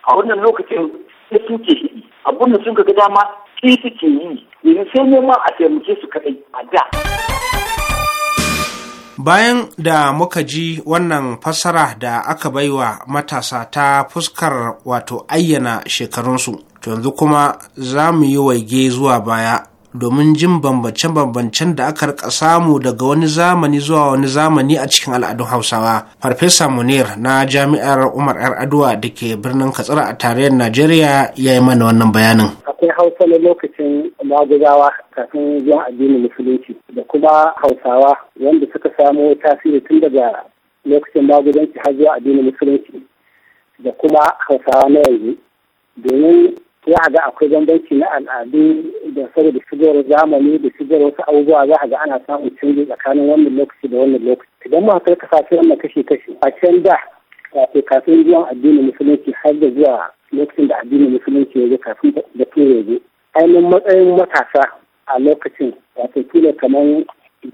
a wannan lokacin da suke shi abin da sun ga dama shi suke yi yanzu sai neman a taimake su kaɗai a da. bayan da muka ji wannan fassara da aka baiwa matasa ta fuskar wato ayyana shekarunsu to yanzu kuma za mu yi waige zuwa baya domin jin bambance-bambancen da aka rika samu daga wani zamani zuwa wani zamani a cikin al'adun hausawa farfesa munir na jami'ar umar yar aduwa da ke birnin katsira a tarayyar najeriya ya yi mana wannan bayanin akwai hausa na lokacin maguzawa kafin zuwan addinin musulunci da kuma hausawa wanda suka samo tasiri tun daga lokacin maguzanci har zuwa addinin musulunci da kuma hausawa na yanzu domin za a akwai bambanci na al'adu da saboda shigar zamani da shigar wasu abubuwa za a ga ana samun canji tsakanin wannan lokaci da wannan lokaci idan mu haka kasashe wannan kashe kashe a can da wato kafin zuwan addinin musulunci har da zuwa lokacin da addinin musulunci ya zo kafin da tura ya zo ainihin matsayin matasa a lokacin wato kila kamar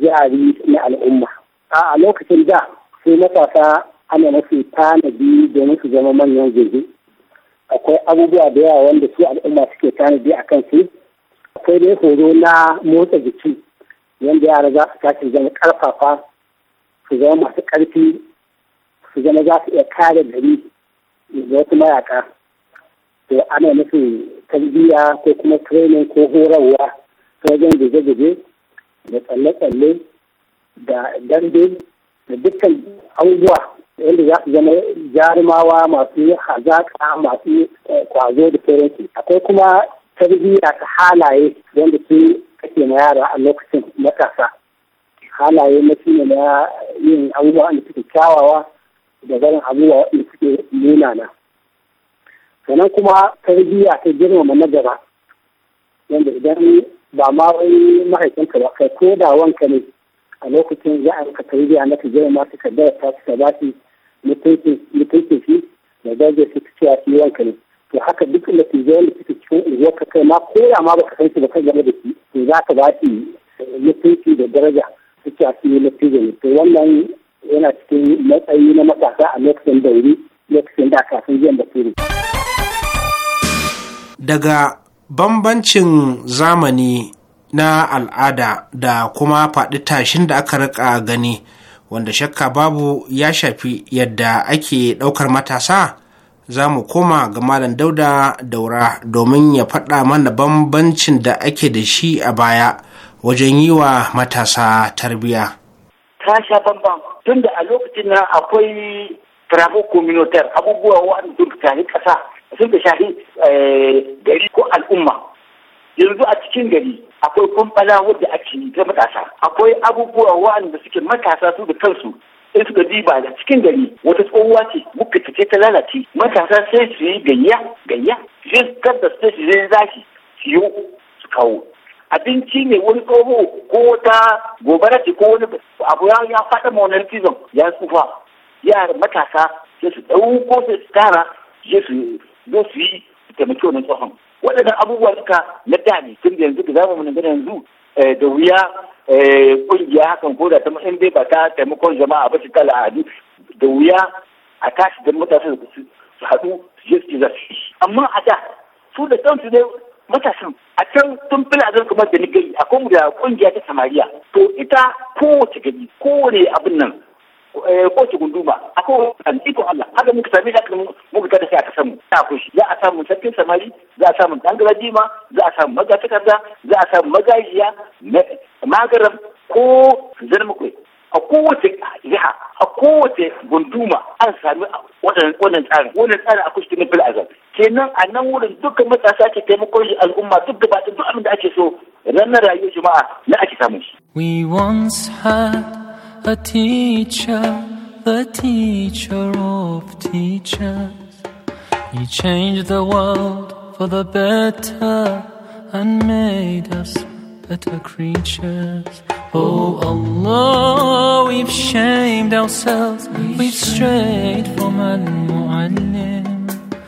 jihari na al'umma a lokacin da sai matasa ana nufin tanadi domin su zama manyan gobe akwai abubuwa da yawa wanda su al'umma suke tanadi a kan su akwai dai horo na motsa jiki yadda yara za su tashi zama karfafa su zama masu karfi su zama za su iya kare gari da wasu mayaka to ana nufin tarbiyya ko kuma training ko horarwa ta wajen guje-guje da tsalle-tsalle da dambe da dukkan abubuwa yadda za su zama jarumawa masu hazaƙa masu kwazo eh, da sauransu akwai kuma tarbiyya ta halaye wanda su kake na yara a lokacin matasa halaye na shine na yin abubuwa da suke kyawawa da barin abubuwa da suke na sannan kuma tarbiyya ta girmama na gaba wanda idan ba ma wai mahaifinka ba kai ko da wanka ne a lokacin za a rika tarbiyya na ka girmama ta ka ta ka ba shi mutuncin shi da dage su ta cewa shi wanka ne to haka duk da ta zai suke cikin unguwar ka kai ma ko da ma baka san shi ba ka gaba da shi to za ka ba shi mutunci da daraja ta cewa shi lafiya ne to wannan yana cikin matsayi na matasa a lokacin da lokacin da kafin jiyan da turi. daga bambancin zamani na al'ada da kuma faɗi tashin da aka rika gani wanda shakka babu ya shafi yadda ake ɗaukar matasa za mu koma ga malam dauda daura domin ya faɗa mana bambancin da ake da shi a baya wajen yi wa matasa tarbiya. ta sha bambam tunda a lokacin na akwai travel communautaire abubuwa wa'anda duk tare ƙasa sun ka shafi eh, gari ko al'umma yanzu a cikin gari akwai kumfana wadda ake yi ta matasa akwai abubuwa waɗanda suke matasa su da kansu in suka diba da cikin gari wata tsohuwa ce muka tace ta lalace matasa sai su yi gayya gayya sai kada sai su yi zaki su yi su kawo abinci ne wani tsoho ko wata gobara ce ko wani abu ya faɗa ma wani ya tsufa yara matasa sai su ɗauko sai su tara sai su zo su yi su taimaki wannan tsohon waɗannan abubuwa suka na da ne tun da yanzu da zamu mun gani yanzu eh, da wuya kungiya eh, hakan ko da ta in dai ba ta taimakon jama'a ba a al'adu da wuya a tashi da matasan su haɗu su je su ci zafi amma a da su da kansu ne matasan a can tun fila zan kamar da ni gari akwai mu da kungiya ta samariya to ita kowace gari kowane abin nan Eh, kowace gunduma akwai wani ikon Allah haka muka sami haka muka kada sai a kasan mu ta kushi za a samu sarkin samari za a samu dangara dima za a samu maza takarda za a samu magajiya magaram ko zarmakwai a kowace jiha a kowace gunduma an sami wannan tsarin wannan tsarin a kusa tunan azam kenan a nan wurin dukkan matasa ke taimakon al'umma duk da gaba duk abin da ake so ranar rayuwar jama'a na ake samun shi. We once had a teacher, the teacher of teachers. He changed the world for the better and made us better creatures. Oh Allah, we've shamed ourselves, we've strayed from al-mu'allim.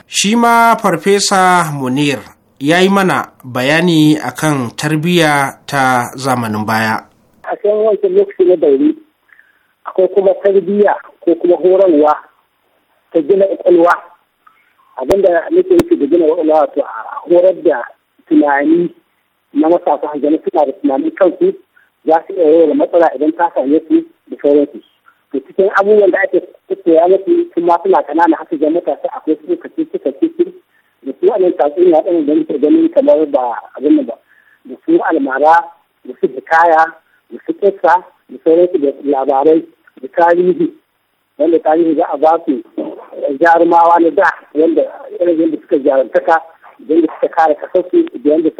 Shima ma Munir ya yi mana bayani akan tarbiyya ta zamanin baya. A kan wancan lokaci na ko kuma tarbiyya ko kuma horarwa ta gina ƙwaƙwalwa abinda nake nufi da gina ƙwaƙwalwa to a horar da tunani na matasa hanzari suna da tunanin kansu za su iya da matsala idan ta same su da sauransu to cikin abubuwan da ake ya musu sun ma suna kanana haka ga matasa akwai su ce suka su da su anan tatsuniya ɗan da muke ganin kamar ba abin ba da su almara da su hikaya da su kesa da sauransu da labarai da tarihi wanda tarihi za a ba su jarumawa na da wanda irin yadda suka jarantaka yadda suka kare kasarsu da yadda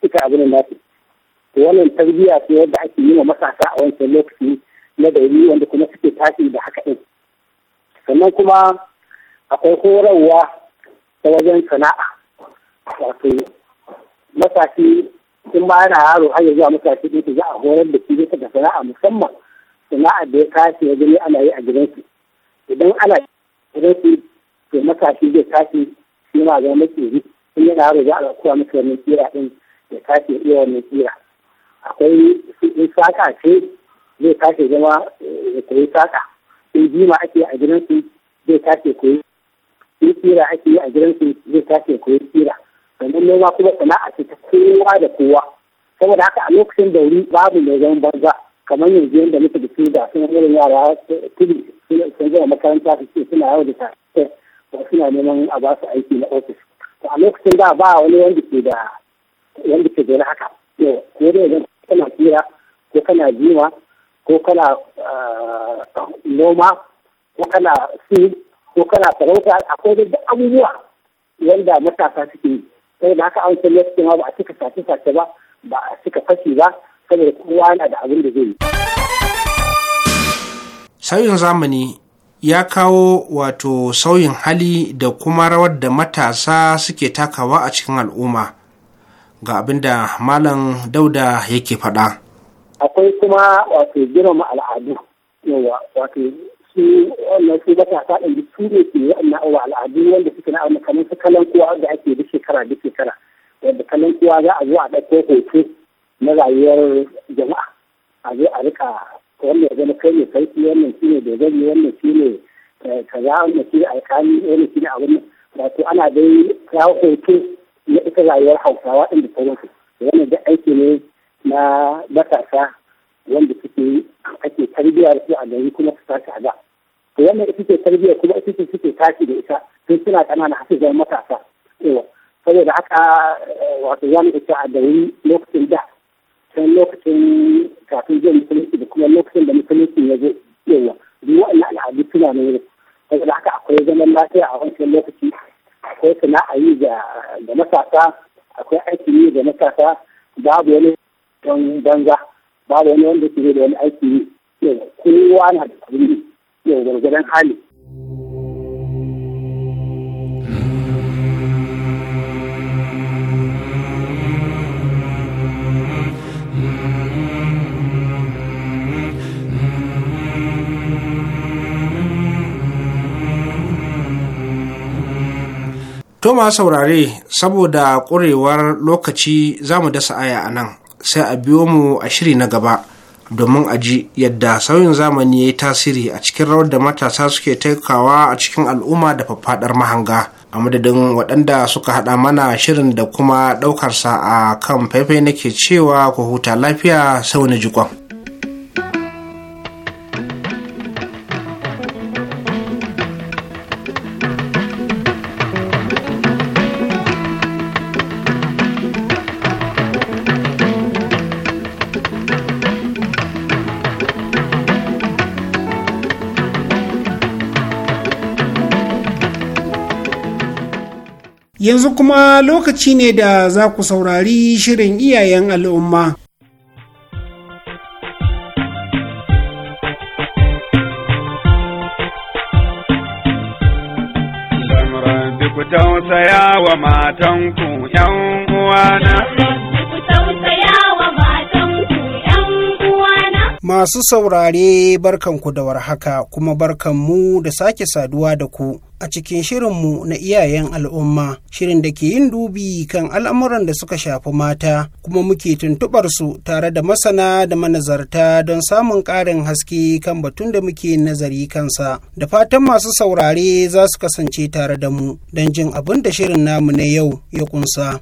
suka abin nasu to wannan tarbiyya ce yadda ake yi wa matasa a wancan lokaci na gari wanda kuma suke tashi da haka ɗin sannan kuma akwai horarwa ta wajen sana'a wato matashi in ma yana yaro har ya zuwa matashi ɗin za a horar da shi bisa sana'a musamman sana'a da ya tashi ya gani ana yi a gidansu idan ana su to matashi zai tashi shi ma zama maciji in yana yaro za a kuwa masa wani tsira din ya tashi iya wani tsira akwai in saka ce zai tashi zama eh, ya koyi saka in jima ake a gidansu zai tashi koyi in tsira ake yi a gidansu zai tashi koyi tsira sannan noma kuma sana'a ce ta kowa da kowa saboda haka a lokacin dauri babu mai zaman banza kamar yanzu yadda muka da su da sun irin yara tudu sun zama makaranta su ce suna yau da tafiye suna neman a ba su aiki na ofis to a lokacin da ba wani wanda ke da wanda ke da haka to ko dai idan kana fira ko kana jima ko kana eh, noma ko kana su ko kana farauta akwai da abubuwa wanda matasa suke yi sai da haka an san lokacin ba a cika sace-sace ba ba a cika fashi ba saboda kowa yana da abin da zai yi. Sauyin zamani ya kawo wato sauyin hali da kuma rawar da matasa suke takawa a cikin al'umma ga abin da malam dauda yake faɗa. akwai kuma wato girma al'adu yawa wato su wannan su matasa da su ne ke wa al'adu wanda suke na kamar su kalan kowa da ake da shekara da shekara wanda kalan kowa za a zo a ɗauko hoto na rayuwar jama'a a zai a rika wannan ya zama kai ne sarki wannan da zai wannan shine eh, kaza wannan ne alƙali wannan shine abin nan wato ana dai kawo hoto na ita rayuwar hausawa inda ta wasu wannan da aiki ne na matasa wanda suke ake tarbiyyar su a gari kuma su tashi a da to wannan ita ce tarbiyyar kuma ita ce suke tashi da ita sun suna kanana har su zama matasa saboda haka eh, wato ya ita a gari lokacin da can lokacin kafin zai musulunci da kuma lokacin da musulunci ya zo yawa duk wa'annan al'adu suna ne wurin saboda haka akwai zaman lafiya a wancan lokaci akwai sana'a yi ga matasa akwai aiki yi ga matasa babu wani don banza babu wani wanda ke da wani aiki yi kowa na da abin yi yau hali. To ma saurare saboda ƙurewar lokaci za mu dasa aya a nan sai a biyo mu a shiri na gaba domin a ji yadda sauyin zamani ya yi tasiri a cikin rawar da matasa suke taikawa a cikin al'umma da faffaɗar mahanga a madadin waɗanda suka haɗa mana shirin da kuma ɗaukarsa a kan faifai nake cewa ku huta lafiya sau na jikon. yanzu kuma lokaci ne da za ku saurari shirin iyayen al'umma tausaya wa matanku Masu saurare barkanku da warhaka kuma barkanmu da sake saduwa da ku a cikin shirinmu na iyayen al'umma shirin da ke yin dubi kan al'amuran da suka shafi mata kuma muke tuntubar su tare da masana da manazarta don samun ƙarin haske kan batun da muke nazari kansa da fatan masu saurare za su kasance tare da mu don jin abin da shirin namu na yau ya kunsa.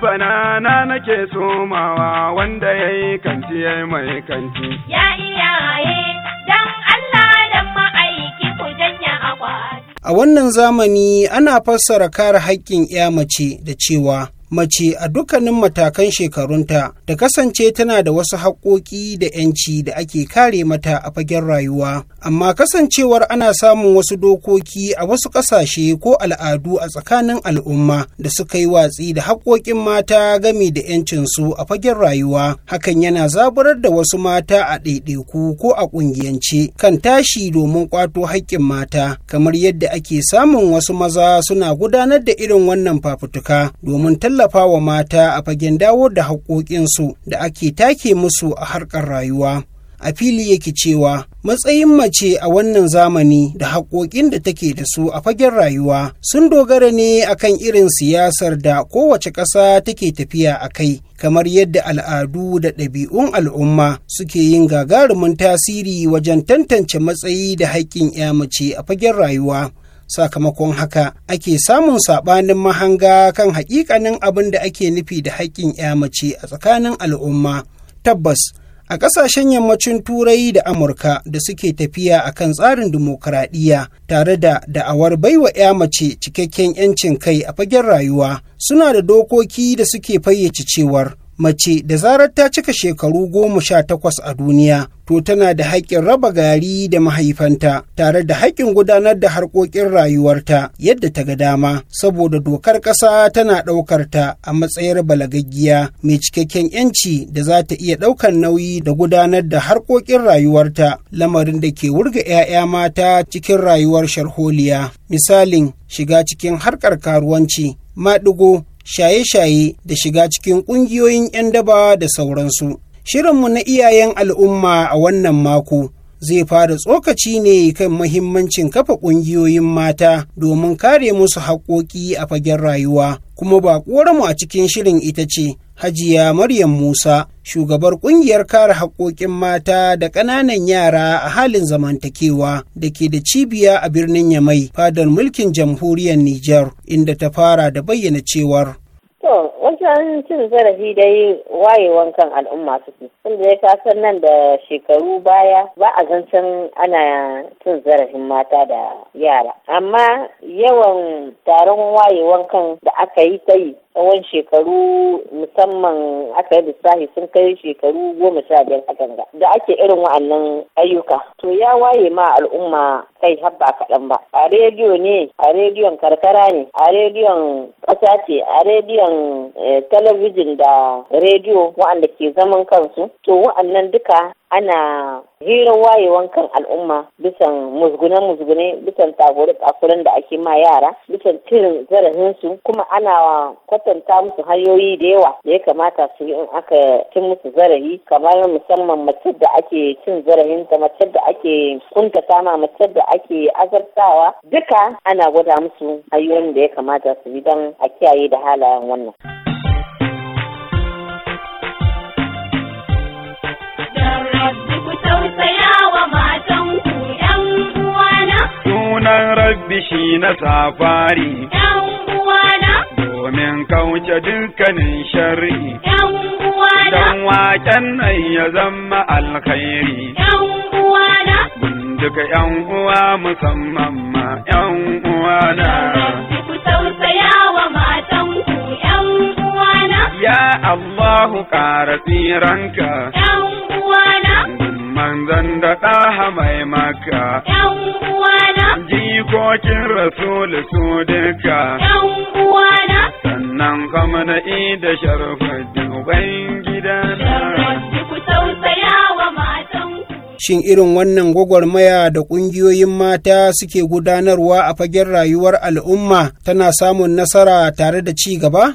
rabbana na nake somawa wanda ya yi kanti ya yi mai kanti. Ya iyaye don Allah don ma'aiki ku janya akwati. A wannan zamani ana fassara kare haƙƙin 'ya mace da cewa mace a dukkanin matakan shekarunta ta kasance tana da wasu haƙoƙi da 'yanci da ake kare mata a fagen rayuwa amma kasancewar ana samun wasu dokoki a wasu ƙasashe ko al'adu a tsakanin al'umma da suka yi watsi da haƙoƙin mata gami da 'yancinsu a fagen rayuwa hakan yana zaburar da wasu mata a ɗaiɗaiku ko a ƙungiyance kan tashi domin ƙwato haƙƙin mata kamar yadda ake samun wasu maza suna gudanar da irin wannan fafutuka domin tallafa. tallafa wa mata a fagen dawo da haƙoƙinsu da ake take musu a harkar rayuwa. A fili yake cewa matsayin mace a wannan zamani da haƙoƙin da take da su a fagen rayuwa sun dogara ne akan irin siyasar da kowace ƙasa take tafiya a kai. kamar yadda al'adu da ɗabi'un al'umma suke yin gagarumin tasiri wajen tantance matsayi da haƙƙin 'ya mace a fagen rayuwa sakamakon haka ake samun saɓanin mahanga kan haƙiƙanin abin da ake nufi da haƙƙin 'ya mace a tsakanin al'umma tabbas a ƙasashen yammacin turai da amurka da suke tafiya a kan tsarin dimokuraɗiyya tare da da'awar baiwa 'ya mace cikakken 'yancin kai a fagen rayuwa suna da dokoki da suke fayyace cewar mace da zarar ta cika shekaru goma sha takwas a duniya to tana da haƙƙin raba gari da mahaifanta tare da haƙƙin gudanar da harkokin rayuwarta yadda ta ga dama saboda dokar ƙasa tana ɗaukar ta a matsayar balagaggiya mai cikakken yanci da za ta iya ɗaukar nauyi da gudanar da harkokin rayuwarta lamarin da ke wurga 'ya'ya mata cikin rayuwar sharholiya misalin shiga cikin harkar karuwanci maɗigo shaye-shaye da shiga cikin ƙungiyoyin 'yan daba da sauransu. Shirinmu na iyayen al'umma a wannan mako zai fara tsokaci ne kan mahimmancin kafa ƙungiyoyin mata domin kare musu haƙƙoƙi a fagen rayuwa, kuma ba mu a cikin shirin ita ce. Hajiya Maryam Musa, shugabar ƙungiyar kare haƙoƙin mata da ƙananan yara a halin zamantakewa da ke da cibiya a birnin Yamai, fadar mulkin jamhuriyar Nijar, inda ta fara da bayyana cewar. To, wajen cin zarafi dai wayewan kan al'umma suke. Tunda ya kasar nan da shekaru baya ba a zancen ana cin zarafin mata da yara. Amma yawan taron wayewan kan da aka yi ta yi tsawon shekaru musamman aka yi lissafi sun kai shekaru goma sha biyar a ganga da ake irin wa'annan ayyuka to ya waye ma al'umma kai har ba kaɗan ba a rediyo ne a rediyon karkara ne a rediyon ƙasa ce a rediyon eh, talabijin da rediyo wa'anda ke zaman kansu to wa'annan duka ana hirar wayewan kan al'umma bisan musgune-musgune bisan tagore takuren da ake ma yara bisan tirin zarafinsu kuma ana kwatanta musu hanyoyi da yawa da ya kamata su yi in aka cin musu zarafi kamar musamman mace da ake cin zarafin ta mace da ake kunta ma mace da ake azabtawa duka ana gwada musu hanyoyin da ya kamata su bi don a kiyaye da halayen wannan. sunan rabbi shi na safari. ‘Yan uwana. Domin kauce dukkanin shari'i. ‘Yan uwana. Dan waken nan ya zama alkhairi. ‘Yan uwana. Duka ‘yan uwa musamman ma ‘yan uwana. Ku matanku ‘yan Ya Allahu ƙara tsiranka. manzan da ɗaha mai maka. uwana. Jikokin Rasulu su duka. uwana. Sannan kama na ida sharfaddin Ubangidana. ku Shin irin wannan gwagwarmaya da ƙungiyoyin mata suke gudanarwa a fagen rayuwar al'umma tana samun nasara tare da ci gaba?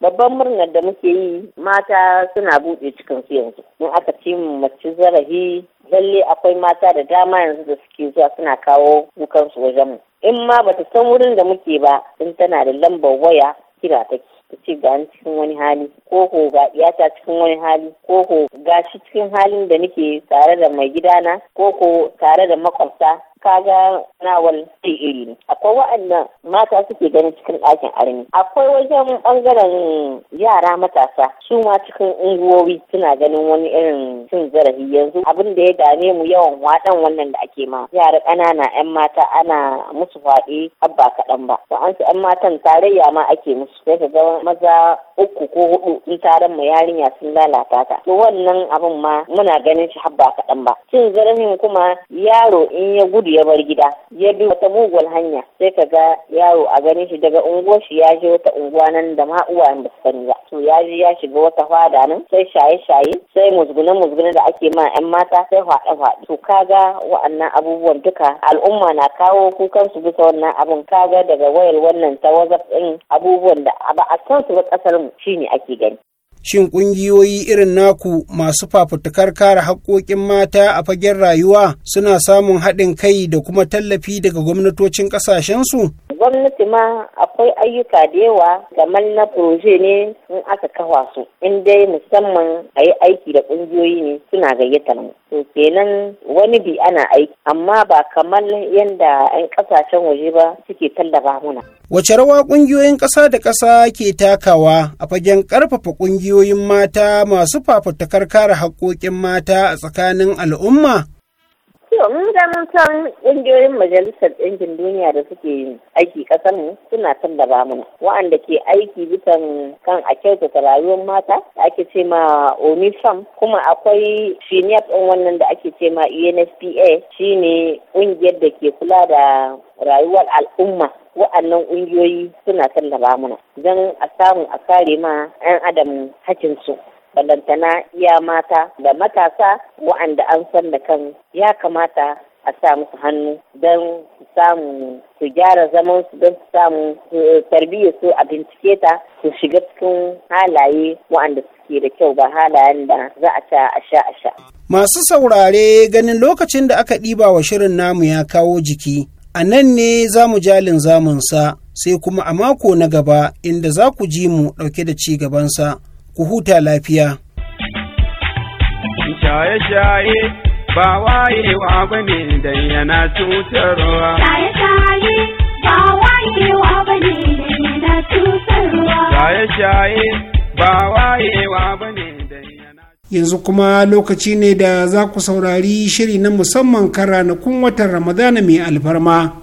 babban murnar da muke yi mata suna buɗe cikinsu yanzu in aka ce mace zarafi lalle akwai mata da dama yanzu da suke zuwa suna kawo kukansu wajenmu in ma bata san wurin da muke ba in tana da lambar waya kira take ta ce ga cikin wani hali ko ko ga iyata cikin wani hali ko ko ga shi cikin halin da nake tare da mai gidana ko ko tare da makwabta kaga nawal sai iri ne akwai wa'annan mata suke ganin cikin ɗakin armi akwai wajen ɓangaren yara matasa su ma cikin unguwowi suna ganin wani irin cin zarafi yanzu abin da ya dame mu yawan waɗan wannan da ake ma yara ƙanana 'yan mata ana musu faɗi abba kaɗan ba an wa'ansu 'yan matan tarayya ma ake musu sai ka ga 么子啊？uku ko hudu in taron mu yarinya sun lalata ka? to wannan abin ma muna ganin shi habba kaɗan ba cin zarafin kuma yaro in ya gudu ya bar gida ya bi wata mugul hanya sai ka ga yaro a ganin shi daga unguwar shi ya je wata unguwa nan da ma uwayen ba su sani ba to ya je ya shiga wata fada nan sai shaye shaye sai musgune musgune da ake ma yan mata sai hwaɗe hwaɗe to ga wa'annan abubuwan duka al'umma na kawo kukan su bisa wannan abin ga daga wayar wannan ta wazaf abubuwan da ba a san su ba kasar mu shi ne ake gani Shin ƙungiyoyi irin naku masu fafutukar kare haƙoƙin mata a fagen rayuwa suna samun haɗin kai da kuma tallafi daga gwamnatocin ƙasashensu? gwamnati ma akwai ayyuka da yawa kamar na proje ne in aka kawa su in dai musamman a yi aiki da ƙungiyoyi ne suna gayyatar mu to kenan wani bi ana aiki amma ba kamar yadda 'yan ƙasashen waje ba suke tallafa muna. Wace rawa ƙungiyoyin ƙasa da ƙasa ke takawa a fagen ƙarfafa ƙungiyoyin mata masu fafutukar kare haƙƙoƙin mata a tsakanin al'umma? To mun ga mun san ƙungiyoyin Majalisar Ɗinkin Duniya da suke aiki ƙasar mu suna tallaba mana. Wa'anda ke aiki bisan kan a kyautata rayuwar mata da ake ce ma ONIFAM kuma akwai FINEP ɗin wannan da ake ce ma UNFPA e shine ƙungiyar da ke kula da rayuwar al'umma. Wa'annan ƙungiyoyi suna tallaba mana don a samu a kare ma 'yan adam hakinsu. balantana iya mata da matasa wa'anda an san da kan ya kamata a sa musu hannu don samu su gyara zaman su don su samu eh, tarbiyyar su a bincike ta su shiga cikin halaye waɗanda suke da kyau ba halayen da za a ta a sha a sha. Masu saurare ganin lokacin da aka ɗiba wa shirin namu ya kawo jiki a nan ne za mu jalin zamunsa sai kuma a mako na gaba inda za ku ji mu ɗauke da ci gabansa. ku huta lafiya. Shaye-shaye ba wayewa ba yanzu kuma lokaci ne da za ku saurari shiri na musamman kan ranakun watan Ramadana mai alfarma.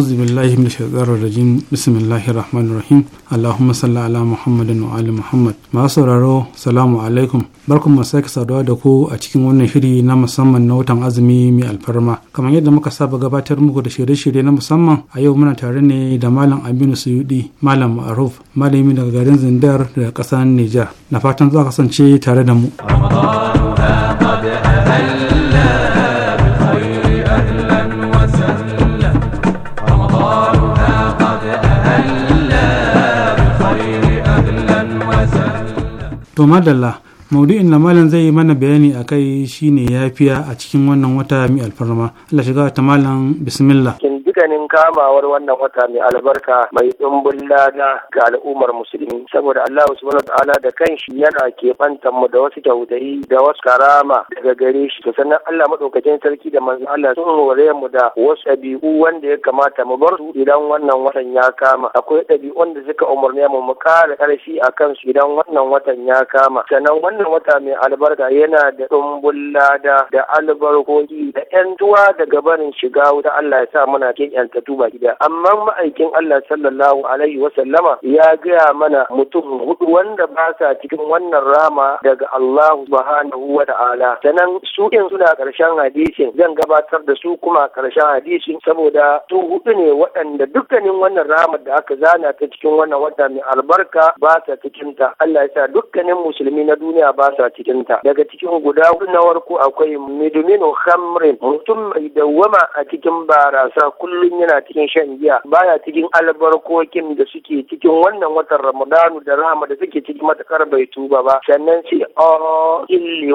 أعوذ بالله من الشيطان الرجيم بسم الله rahim الرحيم اللهم صل على محمد وعلى muhammad masu sauraro السلام alaikum barkum mu sake saduwa da ku a cikin wannan shiri na musamman na watan azumi mai alfarma kamar yadda muka saba gabatar muku da shirye-shirye na musamman a yau muna tare ne da malam aminu suyudi malam ma'aruf malami daga garin zindar da ƙasar niger na fatan za kasance tare da mu madalla maudu'in da malam zai yi mana bayani a kai shine yafiya a cikin wannan wata mi alfarma Allah shiga ta malam bismillah kamawar wannan wata mai albarka mai ɗumbin lada ga al'ummar musulmi saboda Allah subhanahu ta'ala da kanshi yana keɓantar mu da wasu kyautayi da wasu karama daga gare shi to sannan Allah madaukakin sarki da manzon Allah sun hore mu da wasu ɗabi'u wanda ya kamata mu bar su idan wannan watan ya kama akwai ɗabi'un da suka umarni mu mu kare ƙarfi a kansu idan wannan watan ya kama sannan wannan wata mai albarka yana da ɗumbin lada da albarkoki da 'yan tuwa daga barin shiga wuta Allah ya sa muna yanta ka tuba gida amma ma'aikin Allah sallallahu alaihi wa sallama ya gaya mana mutum hudu wanda ba sa cikin wannan rama daga Allah subhanahu wa ta'ala sanan su in suna karshen hadisin zan gabatar da su kuma karshen hadisin saboda su hudu ne waɗanda dukkanin wannan rama da aka zana ta cikin wannan wata mai albarka ba sa cikin ta Allah ya sa dukkanin musulmi na duniya ba sa cikin ta daga cikin guda hudu na farko akwai midumin, khamrin mutum mai dawwama a cikin barasa kullum yana yana cikin shan giya baya cikin albarkokin da suke cikin wannan watan ramadanu da rahama da suke cikin matakar bai tuba ba sannan sai a illi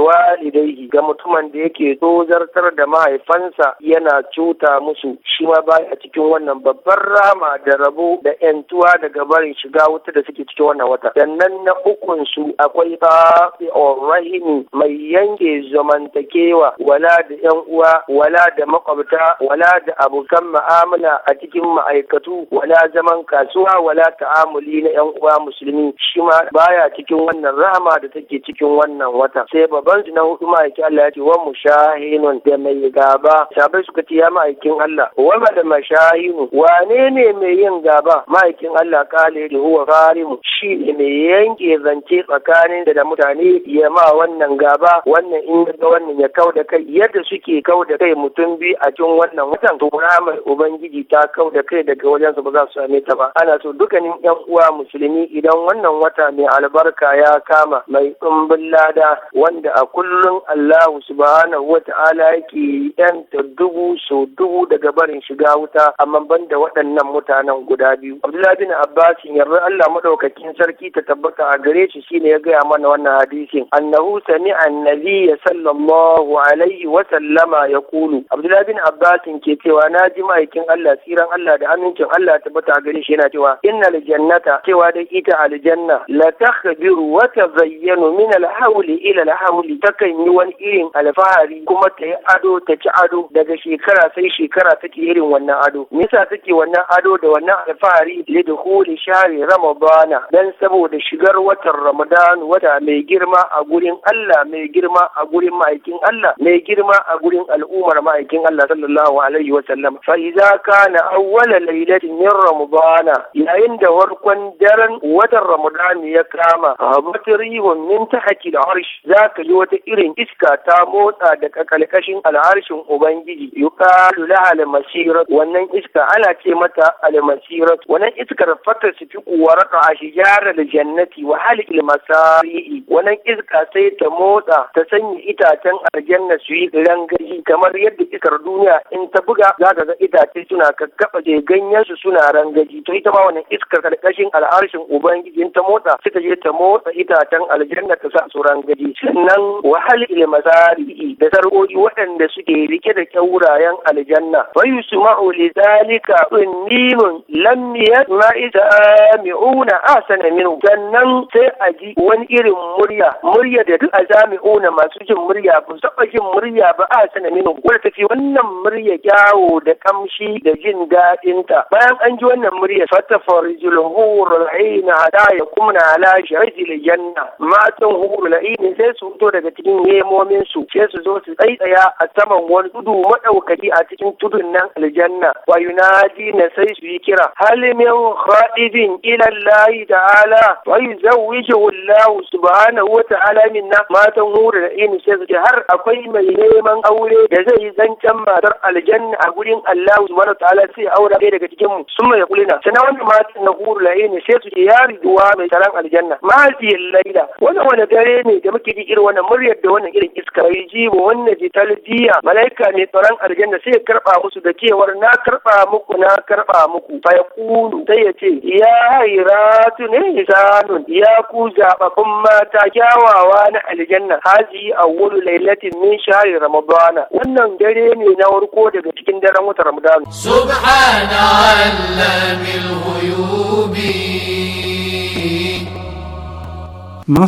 ga mutumin da yake tozartar da mahaifansa yana cuta musu shi ma baya cikin wannan babbar rama da rabo da yantuwa daga barin shiga wuta da suke cikin wannan wata sannan na ukun su akwai tafi rahimi mai yanke zamantakewa wala da yan uwa wala da makwabta wala da abokan ma'amala zauna a cikin ma'aikatu wala zaman kasuwa wala ta'amuli na yan uwa musulmi shi ma baya cikin wannan rahama da take cikin wannan wata sai babban na hudu ma'aikin Allah ya ce wa mushahinun da mai gaba sabai suka ce ya ma'aikin Allah wa da mashahinu wane ne mai yin gaba ma'aikin Allah kale da huwa karimu shi ne mai yanke zance tsakanin da mutane ya ma wannan gaba wannan in ga wannan ya kau da kai yadda suke kau da kai mutum biyu a cikin wannan watan to rahama ubangiji ubangiji ta kau da kai daga wajen su ba za su same ta ba ana so dukkanin yan uwa musulmi idan wannan wata mai albarka ya kama mai tsumbin lada wanda a kullum Allahu subhanahu wa ta'ala yake yanta dubu so dubu daga barin shiga wuta amma banda waɗannan mutanen guda biyu Abdullahi bin Abbas yarda Allah madaukakin sarki ta tabbata a gare shi shine ya gaya mana wannan hadisin annahu sami'a annabiyya sallallahu alaihi wa sallama yaqulu Abdullahi bin Abbas ke cewa na ji ma'aikin Allah Allah tsiran Allah da amincin Allah tabbata a gare shi yana cewa innal jannata cewa da ita aljanna la takhbiru wa tazayyanu min al ila al takan yi wani irin alfahari kuma ta yi ado ta ci ado daga shekara sai shekara take irin wannan ado me yasa take wannan ado da wannan alfahari lidkhuli shari ramadana dan saboda shigar watan ramadan wata mai girma a gurin Allah mai girma a gurin ma'aikin Allah mai girma a gurin al'ummar ma'aikin Allah sallallahu alaihi wa sallam fa idza kana awwala lailatin min ramadana yayin da warkon daren watan ramadan ya kama habat rihun min tahti al-arsh zaka yi wata irin iska ta motsa daga kalkashin al'arshin ubangiji yuqalu laha al-masirat wannan iska ana ce mata al-masirat wannan iskar fatar fi wa raka a shi jannati wa jannati al-masari wannan iska sai ta motsa ta sanya itacen aljanna su yi rangaji kamar yadda iskar duniya in ta buga zaka ga itace suna kakkaɓa ganyen su suna rangaji to ita ma wannan iskar karkashin al'arshin ubangiji ta motsa suka je ta motsa itacen aljanna ta sa su rangaji sannan wahal ilmasari da sarƙoƙi waɗanda suke rike da kyaurayen aljanna wa yusma'u li zalika unnimun lam yasma'a jami'una asana minhu sannan sai a ji wani irin murya murya da duk a jami'una masu jin murya ba su jin murya ba asana minhu wanda tafi wannan murya kyawo da kamshi da jin daɗinta bayan an ji wannan murya fatafar julhurul aina hada ya kumna ala shajil janna matan hurul aini sai su fito daga cikin yemomin su sai su zo su tsaitsaya a saman wani tudu madaukaki a cikin tudun nan aljanna wa yunadi na sai su yi kira hal min khaidin ila Allah ta'ala wa yuzawwijuhu Allah subhanahu wa ta'ala minna matan hurul aini sai su har akwai mai neman aure da zai yi zancen matar aljanna a gurin Allahu subhanahu ta'ala sai aura ɗaya daga cikin mu sun mai kulina sana wani matan na huru la'i ne sai su je yari duwa mai taron aljanna mahajiyar laila wannan wani dare ne da muke ji irin wannan muryar da wannan irin iska yi ji ba wannan ji talbiya malaika mai tsaron aljanna sai ya karba musu da cewar na karba muku na karba muku fa ta sai ya ce ya hayratu ne sanun ya ku zababbun mata kyawawa na aljanna haji awwalu lailatin min shahri ramadana wannan dare ne na warko daga cikin daren watan ramadana سبحان علام الغيوب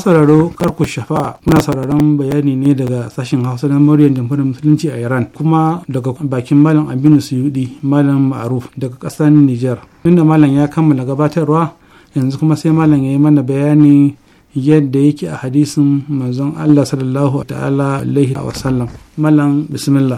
sauraro karku shafa'a muna sauraron bayani ne daga sashen hausa na muryar jamhuriyar musulunci a iran kuma daga bakin malam aminu suyudi malam ma'aruf daga ƙasar niger inda malam ya kammala gabatarwa yanzu kuma sai malam ya yi mana bayani yadda yake a hadisin manzon allah sallallahu ta'ala alaihi wasallam malam bismillah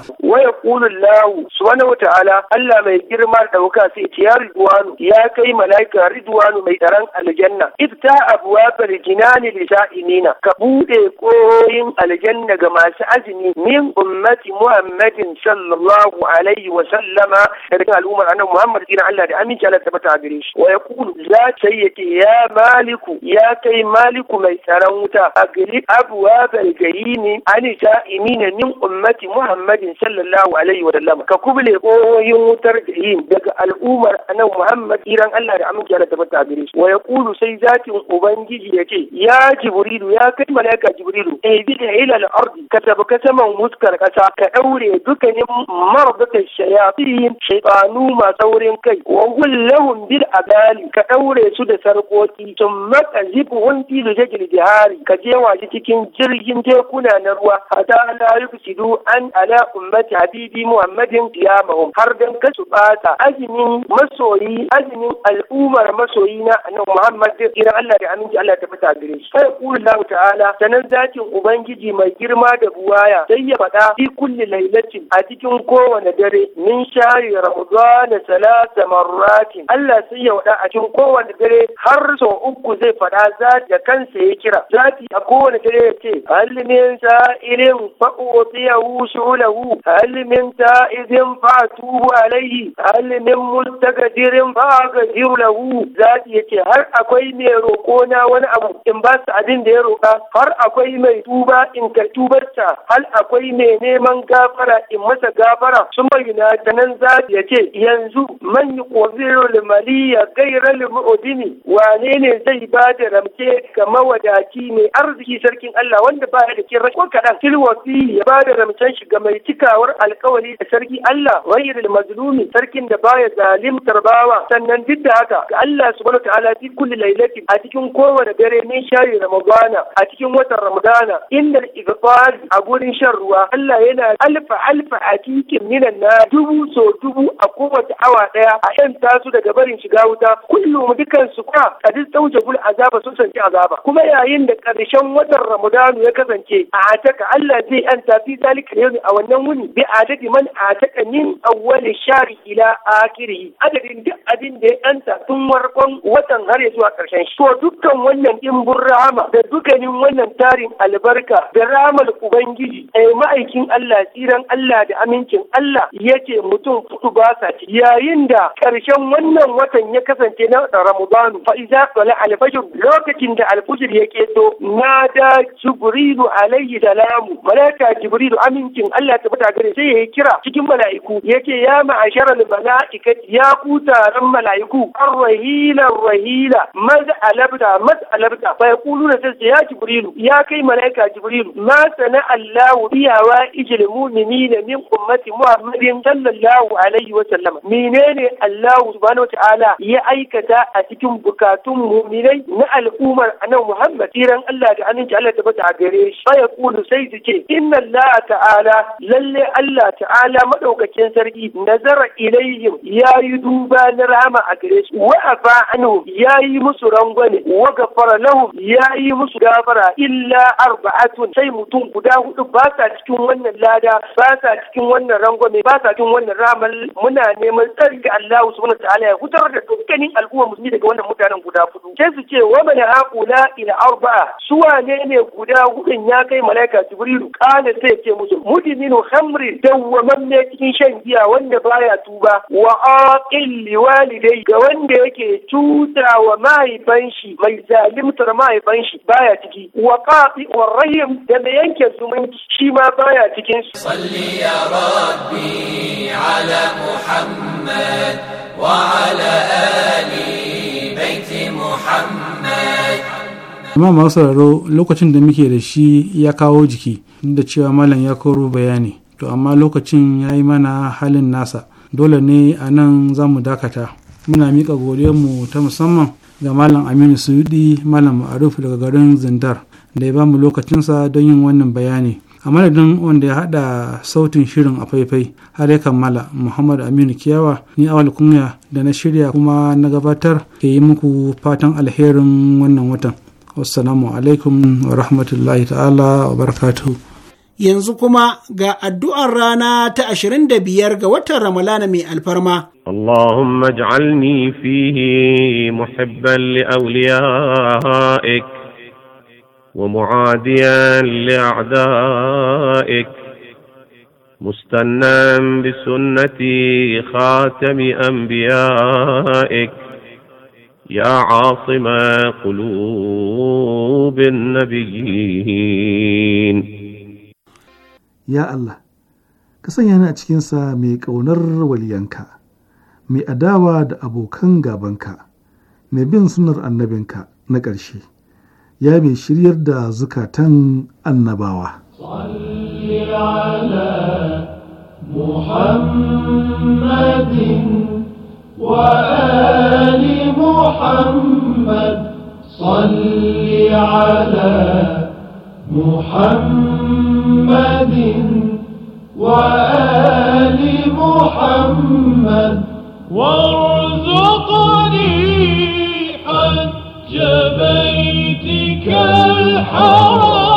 yaqulu Allah subhanahu wataala Allah mai girma dauka sai ce ya ridwanu ya kai malaika ridwanu mai tsaron aljanna ibta abwabal jinani lisa'inina ka bude koyin aljanna ga masu azumi min ummati muhammadin sallallahu alaihi wa sallama daga al'ummar annabi muhammad kina Allah da aminci Allah tabbata gare shi wa yaqulu la sayyati ya maliku ya kai maliku mai tsaron wuta agri abwabal jahimi anisa imina min ummati muhammadin sallallahu sallallahu alaihi wa sallam ka kubule koyoyin wutar jahim daga al'ummar annabi Muhammad iran Allah da aminci Allah tabbata a gare shi wa yaqulu sai zatin ubangiji yace ya jibrilu ya kai malaika jibrilu ibida ila al-ardi ka ka saman wuskar kasa ka daure dukkanin marbatan shayatin shaytanu masaurin kai wa kullahum bil adali ka daure su da sarkoki sun makazifu hun filu jajil jihari ka je wa cikin jirgin tekuna na ruwa hata la yufsidu an ala ummati fi muhammadin qiyamahum har dan kasu bata azumin masoyi azumin al'ummar masoyi na annabi muhammad idan Allah ya aminci Allah ta fita gare shi sai kullahu ta'ala sanan zakin ubangiji mai girma da buwaya sai ya faɗa fi kulli lailatin a cikin kowane dare min shari ramadana salasa marratin Allah sai ya wada a cikin kowane dare har sau uku zai fada za da kansa ya kira zati a kowane dare ya ce hal sa'ilin sa'irin fa'utiyahu shulahu hal من تائب فأتوب عليه هل من مستقدر فاقدر له ذات يتي هر اكوي مي روكونا وانا ابو ان باس أدين دي روكا هر اكوي مي توبا ان كتوبتا هل اكوي مي نيمان غافرة ان مسا غافرة ثم ينادنن ذات يتي ينزو من يقوزر المالية غير المؤدني وانيني زي باد رمتي كما وداكي مي أرضي سركين الله وانا باهد كي رشوان كدان كل وفي يباد رمتنش غمي تكاور الأرض alkawari da sarki Allah ghayril mazlumi sarkin da baya zalimtar bawa sannan duk da haka ga Allah subhanahu ta'ala fi kulli Laylatin, a cikin kowane dare min shari ramadana a cikin watan ramadana inda ighfar a gurin shan ruwa Allah yana alfa alfa a cikin minan na dubu so dubu a kowace awa daya a yan tasu daga barin shiga wuta kullum dukan su kuma duk tsauce gul azaba sun a azaba kuma yayin da karshen watan ramadana ya kasance a ataka Allah zai yan tafi zalika yau a wannan wuni bi a adadi man ataka min awwali shari ila akhirih adadin duk abin da ya danta tun warkon watan har zuwa karshen shi to dukkan wannan dimbin da dukkanin wannan tarin albarka da ramal ubangiji ai ma'aikin Allah tsiran Allah da amincin Allah yace mutum fudu ba sa yayin da karshen wannan watan ya kasance na ramadanu fa iza al lokacin da al ya keto nada jibrilu alayhi salamu malaika jibrilu amincin Allah ta bata gare sai ya kira cikin mala'iku yake ya ma'asharal mala'ikati ya ku taron mala'iku An rahila maz alabta maz alabta fa yaquluna sai ya jibrilu ya kai mala'ika jibrilu ma sana Allahu biya wa ijil mu'minina min ummati muhammadin sallallahu alaihi wa sallam menene Allahu subhanahu wa ta'ala ya aikata a cikin bukatun mu'minai na al'ummar annabi Muhammad tiran Allah da aminci Allah ta a gare shi fa yaqulu sai suke inna Allah ta'ala lalle Allah Allah ta'ala madaukakin sarki nazara ilaihim yayi duba na rahama a gare su wa afa anhu yayi musu rangwane wa gafara lahum yayi musu gafara illa arba'atun sai mutum guda hudu ba sa cikin wannan lada ba sa cikin wannan rangwane ba sa cikin wannan ramal muna neman tsari ga Allah subhanahu ta'ala ya fitar da dukkanin al'umma musulmi daga wannan mutanen guda hudu sai su ce wa man haqula ila arba'a suwa ne ne guda hudun ya kai malaika jibrilu kana sai ce musu mudminu khamrin da dawwaman ne shan giya wanda baya tuba wa aqil walidai ga wanda yake tuta wa mahaifan shi mai zalimtar mahaifan shi baya ciki wa qati rahim da mai yanke zumunci shi ma baya cikin shi salli ya rabbi ala muhammad wa ala ali baiti muhammad amma masu lokacin da muke da shi ya kawo jiki inda cewa malam ya koro bayani to amma lokacin ya yi mana halin nasa dole ne a nan za mu dakata muna miƙa mu ta musamman ga malam aminu suyudi malam ma'aruf daga garin zindar da ya bamu lokacinsa don yin wannan bayani a madadin wanda ya hada sautin shirin a faifai har ya kammala muhammad aminu kiyawa ni awal kunya da na shirya kuma na gabatar ke yi muku fatan alherin wannan watan wassalamu alaikum wa rahmatullahi ta'ala wa barakatuhu yanzu kuma ga addu'ar rana ta 25 ga watan Ramalana mai alfarma. اللهم اجعلني فيه محبا لأوليائك ومعاديا لأعدائك مستنا بسنة خاتم أنبيائك يا عاصم قلوب النبيين ya Allah ka sanya ni a cikinsa mai ƙaunar waliyanka mai adawa da abokan gabanka mai bin sunar annabinka na ƙarshe ya mai shiryar da zukatan annabawa محمد صل على محمد محمد وآل محمد وارزقني حج بيتك الحرام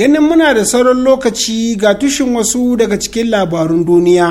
ganin muna da sauran lokaci ga tushen wasu daga cikin labarun duniya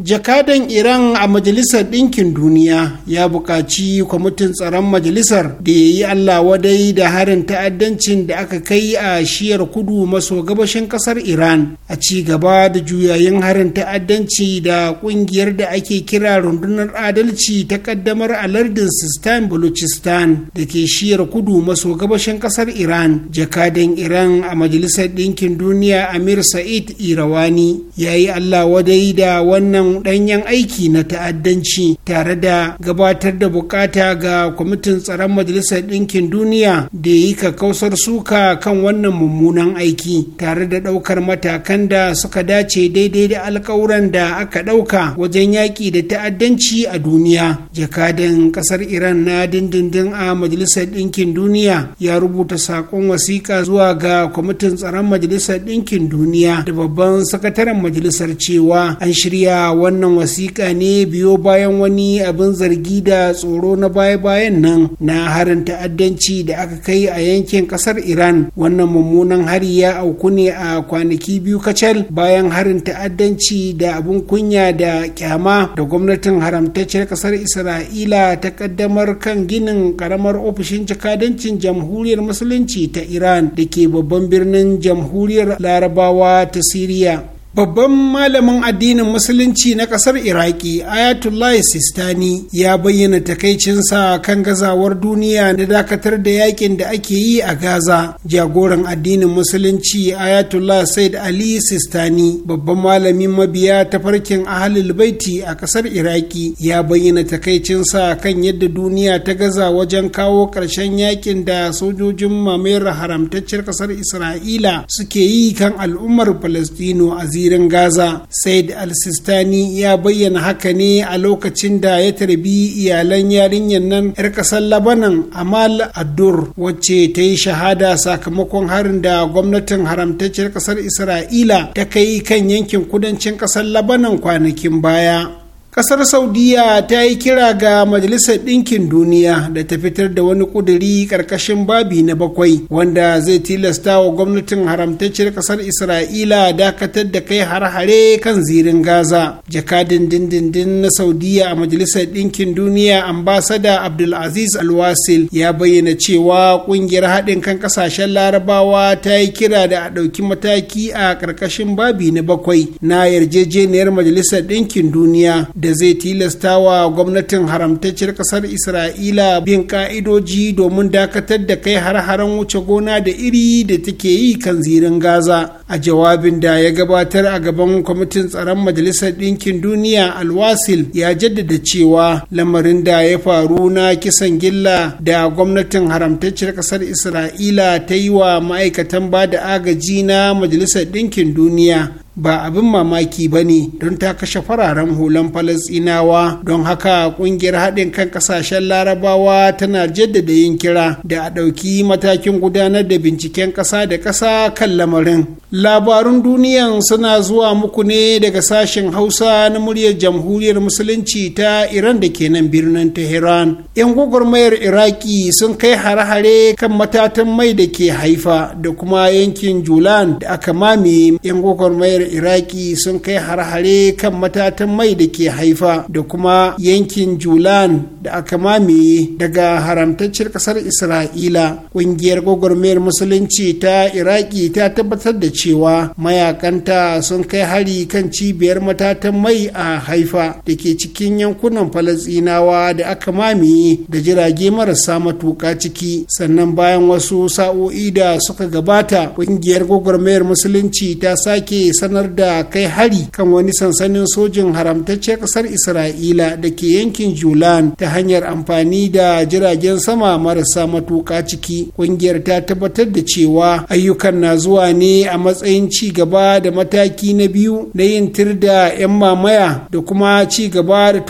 jakadan iran a majalisar ɗinkin duniya ya buƙaci kwamitin tsaron majalisar da ya yi allah wadai da harin ta'addancin da aka kai a shiyar kudu maso gabashin ƙasar iran a ci gaba da juyayin harin ta'addanci da ƙungiyar da ake kira rundunar adalci ta ƙaddamar a lardin sistan balochistan da ke shiyar kudu maso gabashin ƙasar iran jakadan iran a majalisar ɗinkin duniya amir sa'id irawani ya yi allah wadai da wannan kan ɗanyen aiki na ta'addanci tare da gabatar da bukata ga kwamitin tsaron majalisar ɗinkin duniya da ya yi kakausar suka kan wannan mummunan aiki tare da ɗaukar matakan da suka dace daidai da alkawuran da aka ɗauka wajen yaƙi da ta'addanci a duniya jakadan ƙasar iran na dindindin a majalisar ɗinkin duniya ya rubuta saƙon wasiƙa zuwa ga kwamitin tsaron majalisar ɗinkin duniya da babban sakataren majalisar cewa an shirya wannan wasiƙa ne biyo bayan wani abin zargi da tsoro na baya-bayan nan na harin ta'addanci da aka kai a yankin ƙasar iran wannan mummunan hari ya auku ne a kwanaki biyu kacal bayan harin ta'addanci da abin kunya da kyama da gwamnatin haramtacciyar ƙasar isra'ila ta ƙaddamar kan ginin ƙaramar ofishin jakadancin jamhuriyar musulunci ta iran da ke babban birnin jamhuriyar larabawa ta siriya Babban malamin addinin Musulunci na ƙasar Iraki Ayatollah Sistani ya bayyana takaicinsa kan gazawar duniya na dakatar da yakin da ake yi a Gaza. Jagoran addinin Musulunci Ayatollah Said Ali Sistani, babban malamin mabiya tafarkin ahalul baiti a ƙasar Iraki, ya bayyana takaicinsa kan yadda duniya ta gaza wajen kawo ƙarshen yakin da sojojin mamayar haramtacciyar ƙasar Isra'ila suke yi kan al'ummar Falastino a zirin gaza said al-sistani ya bayyana haka ne a lokacin da ya tarbi iyalan yarinyar nan 'yar ƙasar labanan amal adur wacce ta yi shahada sakamakon harin da gwamnatin haramtacciyar ƙasar isra'ila ta kai kan yankin kudancin ƙasar labanan kwanakin baya kasar saudiya ta yi kira ga majalisar ɗinkin duniya da ta fitar da wani ƙuduri ƙarƙashin babi na bakwai wanda zai tilasta wa gwamnatin haramtacciyar ƙasar isra'ila dakatar da kai har-hare kan zirin gaza jakadin dindindin na saudiya a majalisar ɗinkin duniya ambasada abdulaziz alwasil ya bayyana cewa ƙungiyar haɗin kan ƙasashen larabawa ta yi kira da a ɗauki mataki a ƙarƙashin babi na bakwai na yarjejeniyar majalisar ɗinkin duniya da zai tilasta wa gwamnatin haramtacciyar kasar isra'ila bin ka'idoji domin dakatar da kai har-haren wuce gona da iri da take yi kan zirin gaza a jawabin da ya gabatar a gaban kwamitin tsaron majalisar ɗinkin duniya alwasil ya jaddada cewa lamarin da ya faru na kisan gilla da gwamnatin haramtacciyar kasar isra'ila ta yi wa ma'aikatan ba da agaji na majalisar ɗinkin duniya ba abin mamaki ba ne don ta kashe fararen hulan falasinawa don haka kungiyar haɗin kan ƙasashen larabawa tana jaddada yin kira da a ɗauki matakin gudanar da binciken ƙasa da ƙasa kan lamarin labarun duniyan suna zuwa muku ne daga sashen hausa na muryar jamhuriyar musulunci ta iran da ke nan birnin tehran yan gwagwarmayar iraki sun kai hare-hare kan matatan mai da ke haifa da kuma yankin julan da aka mame yan gwagwarmayar iraki sun kai har-hare kan matatan mai da ke haifa da kuma yankin julan da aka mamaye daga haramtacciyar kasar isra'ila ƙungiyar gwagwarmayar musulunci ta iraki ta tabbatar da cewa mayakanta sun kai hari kan cibiyar matatan mai a haifa da ke cikin yankunan falasinawa da aka mamaye da jirage marasa matuƙa ciki sannan bayan wasu sa'o'i da suka gabata ƙungiyar gwagwarmayar musulunci ta sake sanar sanar da kai hari kan wani sansanin sojin haramtacce kasar isra'ila da ke yankin julan ta hanyar amfani da jiragen sama marasa matuka ciki ƙungiyar ta tabbatar da cewa ayyukan na zuwa ne a matsayin ci gaba da mataki na biyu na yin tir da 'yan mamaya da kuma ci gaba da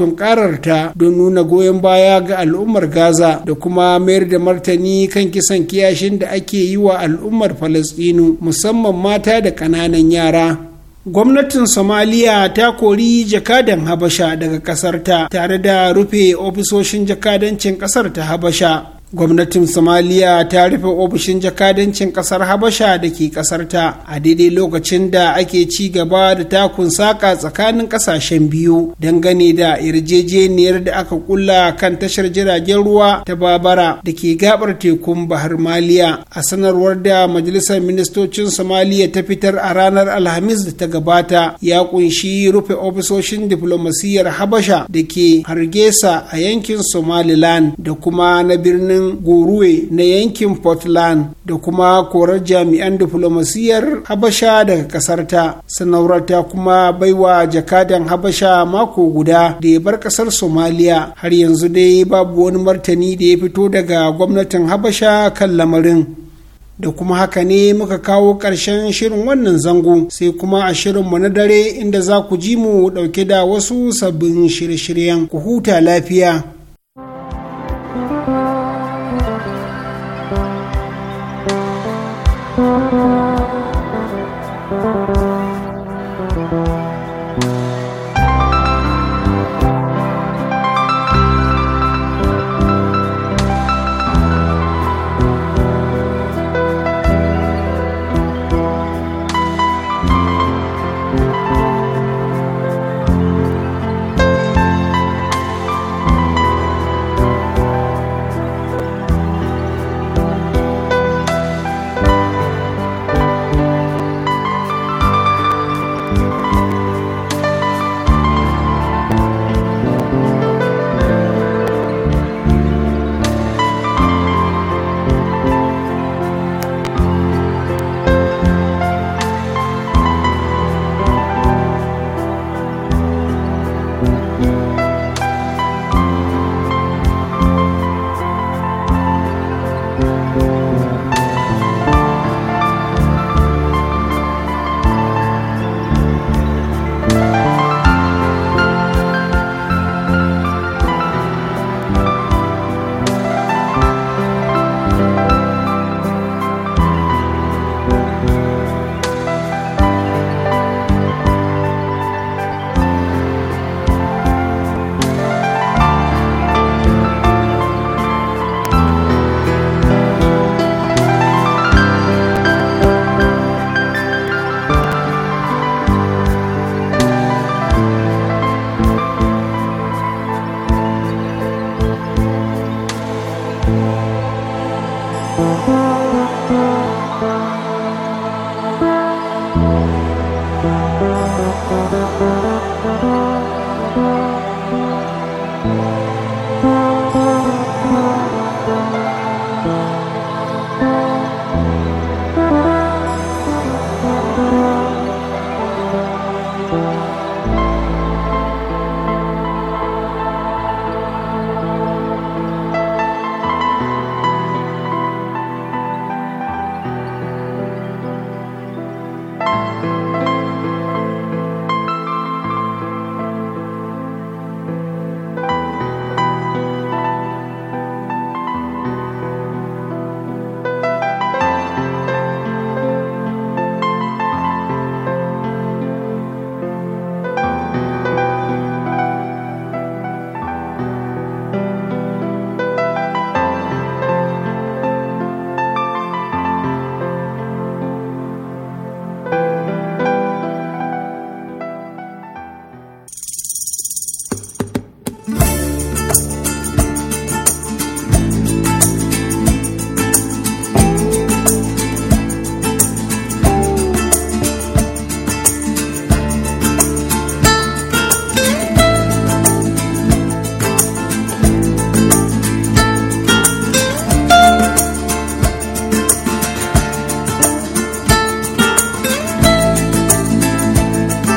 ta don nuna goyon baya ga al'ummar gaza da kuma mayar da martani kan kisan kiyashin da ake yi wa al'ummar falastinu musamman mata da ƙananan yara gwamnatin somaliya ta kori jakadan habasha daga kasarta tare da rufe ofisoshin jakadancin kasar ta habasha gwamnatin somaliya ta rufe ofishin jakadancin kasar habasha da ke kasarta a daidai lokacin da ake ci gaba da takun saka tsakanin kasashen biyu dangane da yarjejeniyar da aka kulla kan tashar jiragen ruwa ta babara da ke gabar tekun bahar maliya a sanarwar da majalisar ministocin somaliya ta fitar a ranar alhamis da ta gabata ya kunshi rufe ofisoshin diflomasiyyar habasha da ke hargesa a yankin somaliland da kuma na birnin birnin goruwe na yankin portland da kuma korar jami'an diflomasiyyar habasha daga kasar ta sanaurar ta kuma baiwa jakadan habasha mako guda da ya bar kasar somaliya har yanzu dai babu wani martani da ya fito daga gwamnatin habasha kan lamarin da kuma haka ne muka kawo ƙarshen shirin wannan zango sai kuma a shirinmu na dare inda za ku ji mu ɗauke da wasu sabbin shirye-shiryen ku huta lafiya.